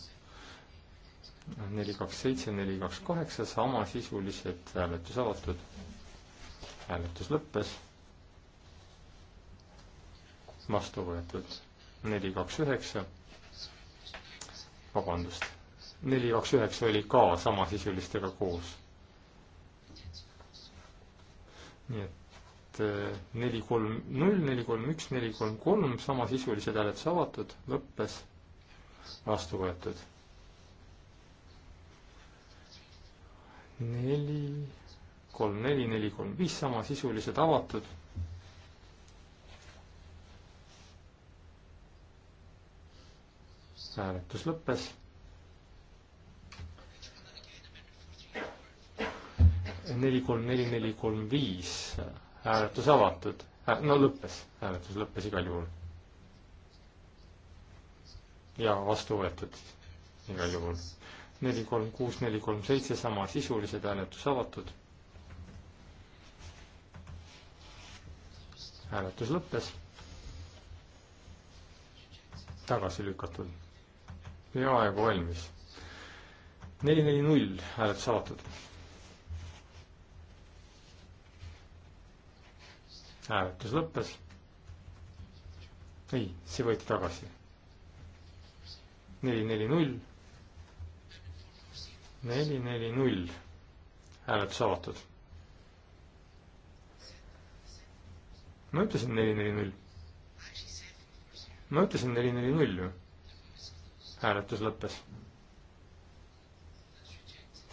neli, kaks, seitse, neli, kaks, kaheksa, samasisulised hääletus avatud hääletus lõppes. vastu võetud neli, kaks, üheksa. vabandust, neli, kaks, üheksa oli ka samasisulistega koos. nii et äh, neli, kolm, null, neli, kolm, üks, neli, kolm, kolm, samasisulised hääletus avatud, lõppes, vastu võetud neli kolm, neli, neli, kolm, viis samasisulised avatud. hääletus lõppes. neli, kolm, neli, neli, kolm, viis hääletus avatud, no lõppes, hääletus lõppes igal juhul. ja vastu võetud igal juhul. neli, kolm, kuus, neli, kolm, seitse samasisulised hääletus avatud hääletus lõppes. tagasi lükatud, peaaegu valmis. neli, neli, null hääletus avatud. hääletus lõppes. ei, see võeti tagasi. neli, neli, null. neli, neli, null hääletus avatud ma ütlesin neli, neli, null. ma ütlesin neli, neli, null ju. hääletus lõppes.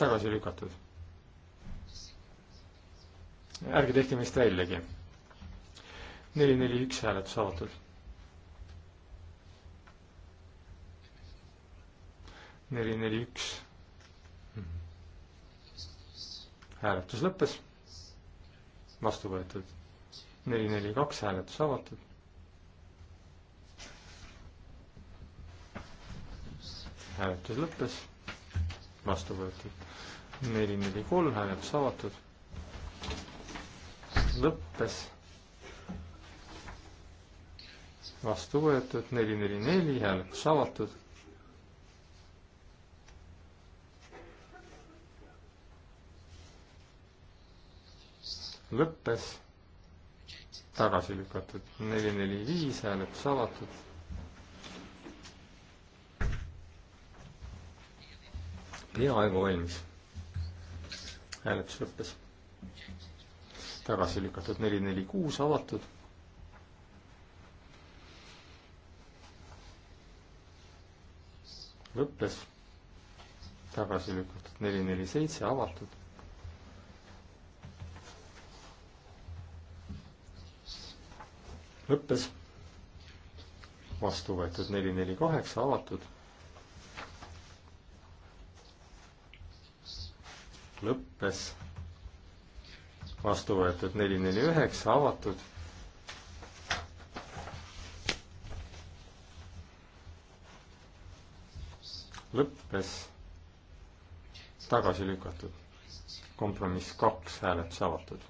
tagasi lükatud. ärge tehke meist väljagi. neli, neli, üks hääletus avatud. neli, neli, üks hääletus lõppes, vastu võetud neli, neli, kaks hääletus avatud. hääletus lõppes, vastu võetud. neli, neli, kolm hääletus avatud. lõppes. vastu võetud, neli, neli, neli hääletus avatud. lõppes tagasi lükatud. neli, neli, viis hääletus avatud. peaaegu valmis. hääletus lõppes. tagasi lükatud neli, neli, kuus avatud. lõppes. tagasi lükatud neli, neli, seitse avatud. lõppes, vastu võetud neli, neli, kaheksa, avatud, lõppes, vastu võetud neli, neli, üheksa, avatud, lõppes, tagasi lükatud, kompromiss kaks, hääletus avatud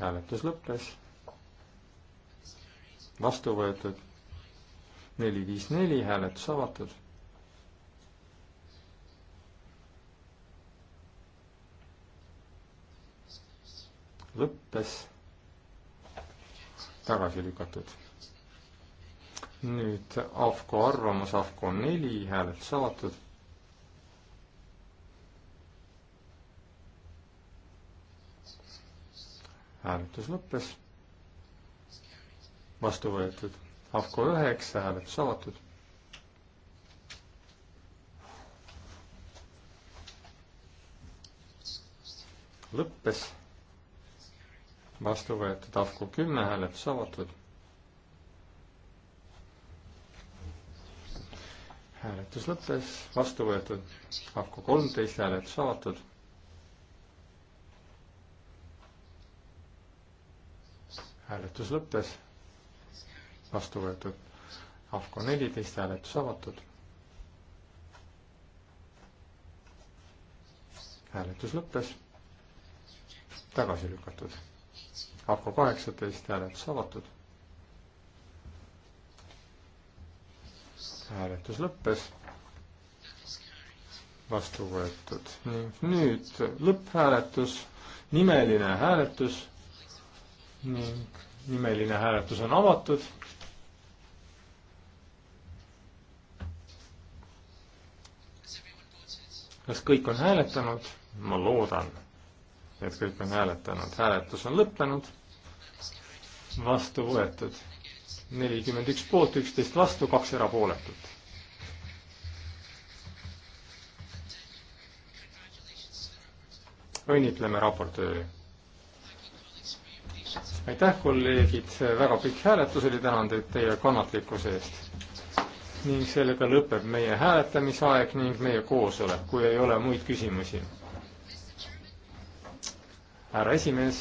hääletus lõppes. vastu võetud neli, viis, neli, hääletus avatud. lõppes, tagasi lükatud. nüüd AFCO arvamus, AFCO neli, hääletus avatud. hääletus lõppes. vastu võetud. AFCO üheksa, hääletus avatud. lõppes. vastu võetud AFCO kümme, hääletus avatud. hääletus lõppes, vastu võetud AFCO kolmteist, hääletus avatud hääletus lõppes, vastu võetud. AFCO neliteist hääletus avatud. hääletus lõppes, tagasi lükatud. AFCO kaheksateist hääletus avatud. hääletus lõppes, vastu võetud ning nüüd lõpphääletus, nimeline hääletus ning nimeline hääletus on avatud. kas kõik on hääletanud? ma loodan, et kõik on hääletanud. hääletus on lõppenud, vastu võetud nelikümmend üks poolt, üksteist vastu, kaks erapooletut. õnnitleme raportööri aitäh, kolleegid, väga pikk hääletus oli, tänan teid teie kannatlikkuse eest. ning sellega lõpeb meie hääletamisaeg ning meie koosolek, kui ei ole muid küsimusi. härra esimees,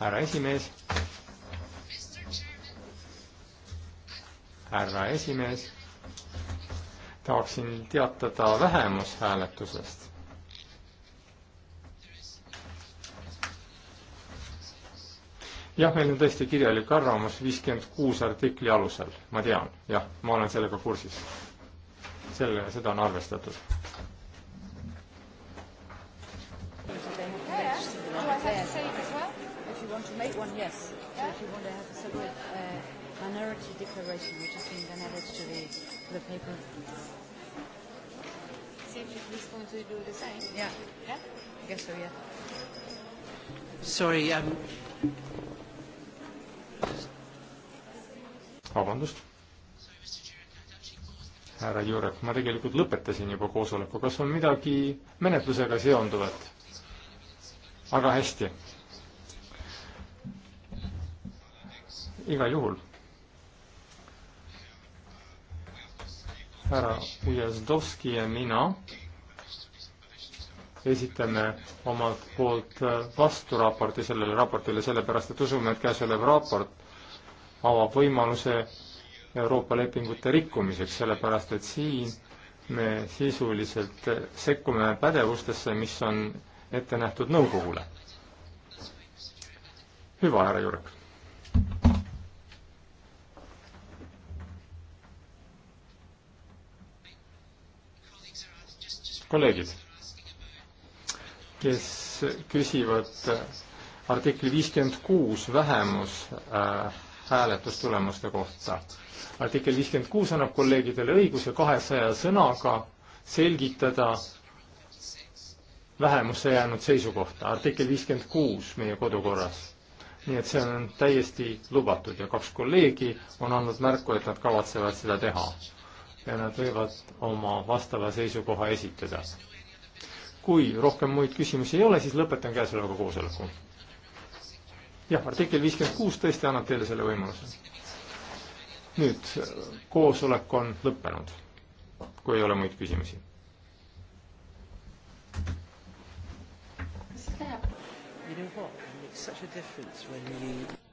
härra esimees, härra esimees, tahaksin teatada vähemushääletusest. jah, meil on tõesti kirjalik arvamus viiskümmend kuus artikli alusel, ma tean, jah, ma olen sellega kursis. selle, seda on arvestatud. Uh, minority declaration which has been then added to the, to the paper. See if he's going to do the same. Yeah. Yeah? I guess so, yeah. Sorry, um, vabandust. härra Jurek, ma tegelikult lõpetasin juba koosoleku, kas on midagi menetlusega seonduvat? aga hästi. igal juhul. härra Ujazdovski ja mina esitame omalt poolt äh, vasturaporti sellele raportile, sellepärast et usume, et käesolev raport avab võimaluse Euroopa lepingute rikkumiseks, sellepärast et siin me sisuliselt äh, sekkume pädevustesse, mis on ette nähtud nõukogule. hüva, härra Jurek. kolleegid kes küsivad äh, artikli viiskümmend kuus vähemus äh, hääletustulemuste kohta. artikkel viiskümmend kuus annab kolleegidele õiguse kahesaja sõnaga selgitada vähemusse jäänud seisukohta, artikkel viiskümmend kuus meie kodukorras. nii et see on täiesti lubatud ja kaks kolleegi on andnud märku, et nad kavatsevad seda teha. ja nad võivad oma vastava seisukoha esitada kui rohkem muid küsimusi ei ole, siis lõpetan käesoleva koosoleku. jah, artikkel viiskümmend kuus tõesti annab teile selle võimaluse. nüüd koosolek on lõppenud, kui ei ole muid küsimusi. mis siis läheb? You know what? It makes such a difference when you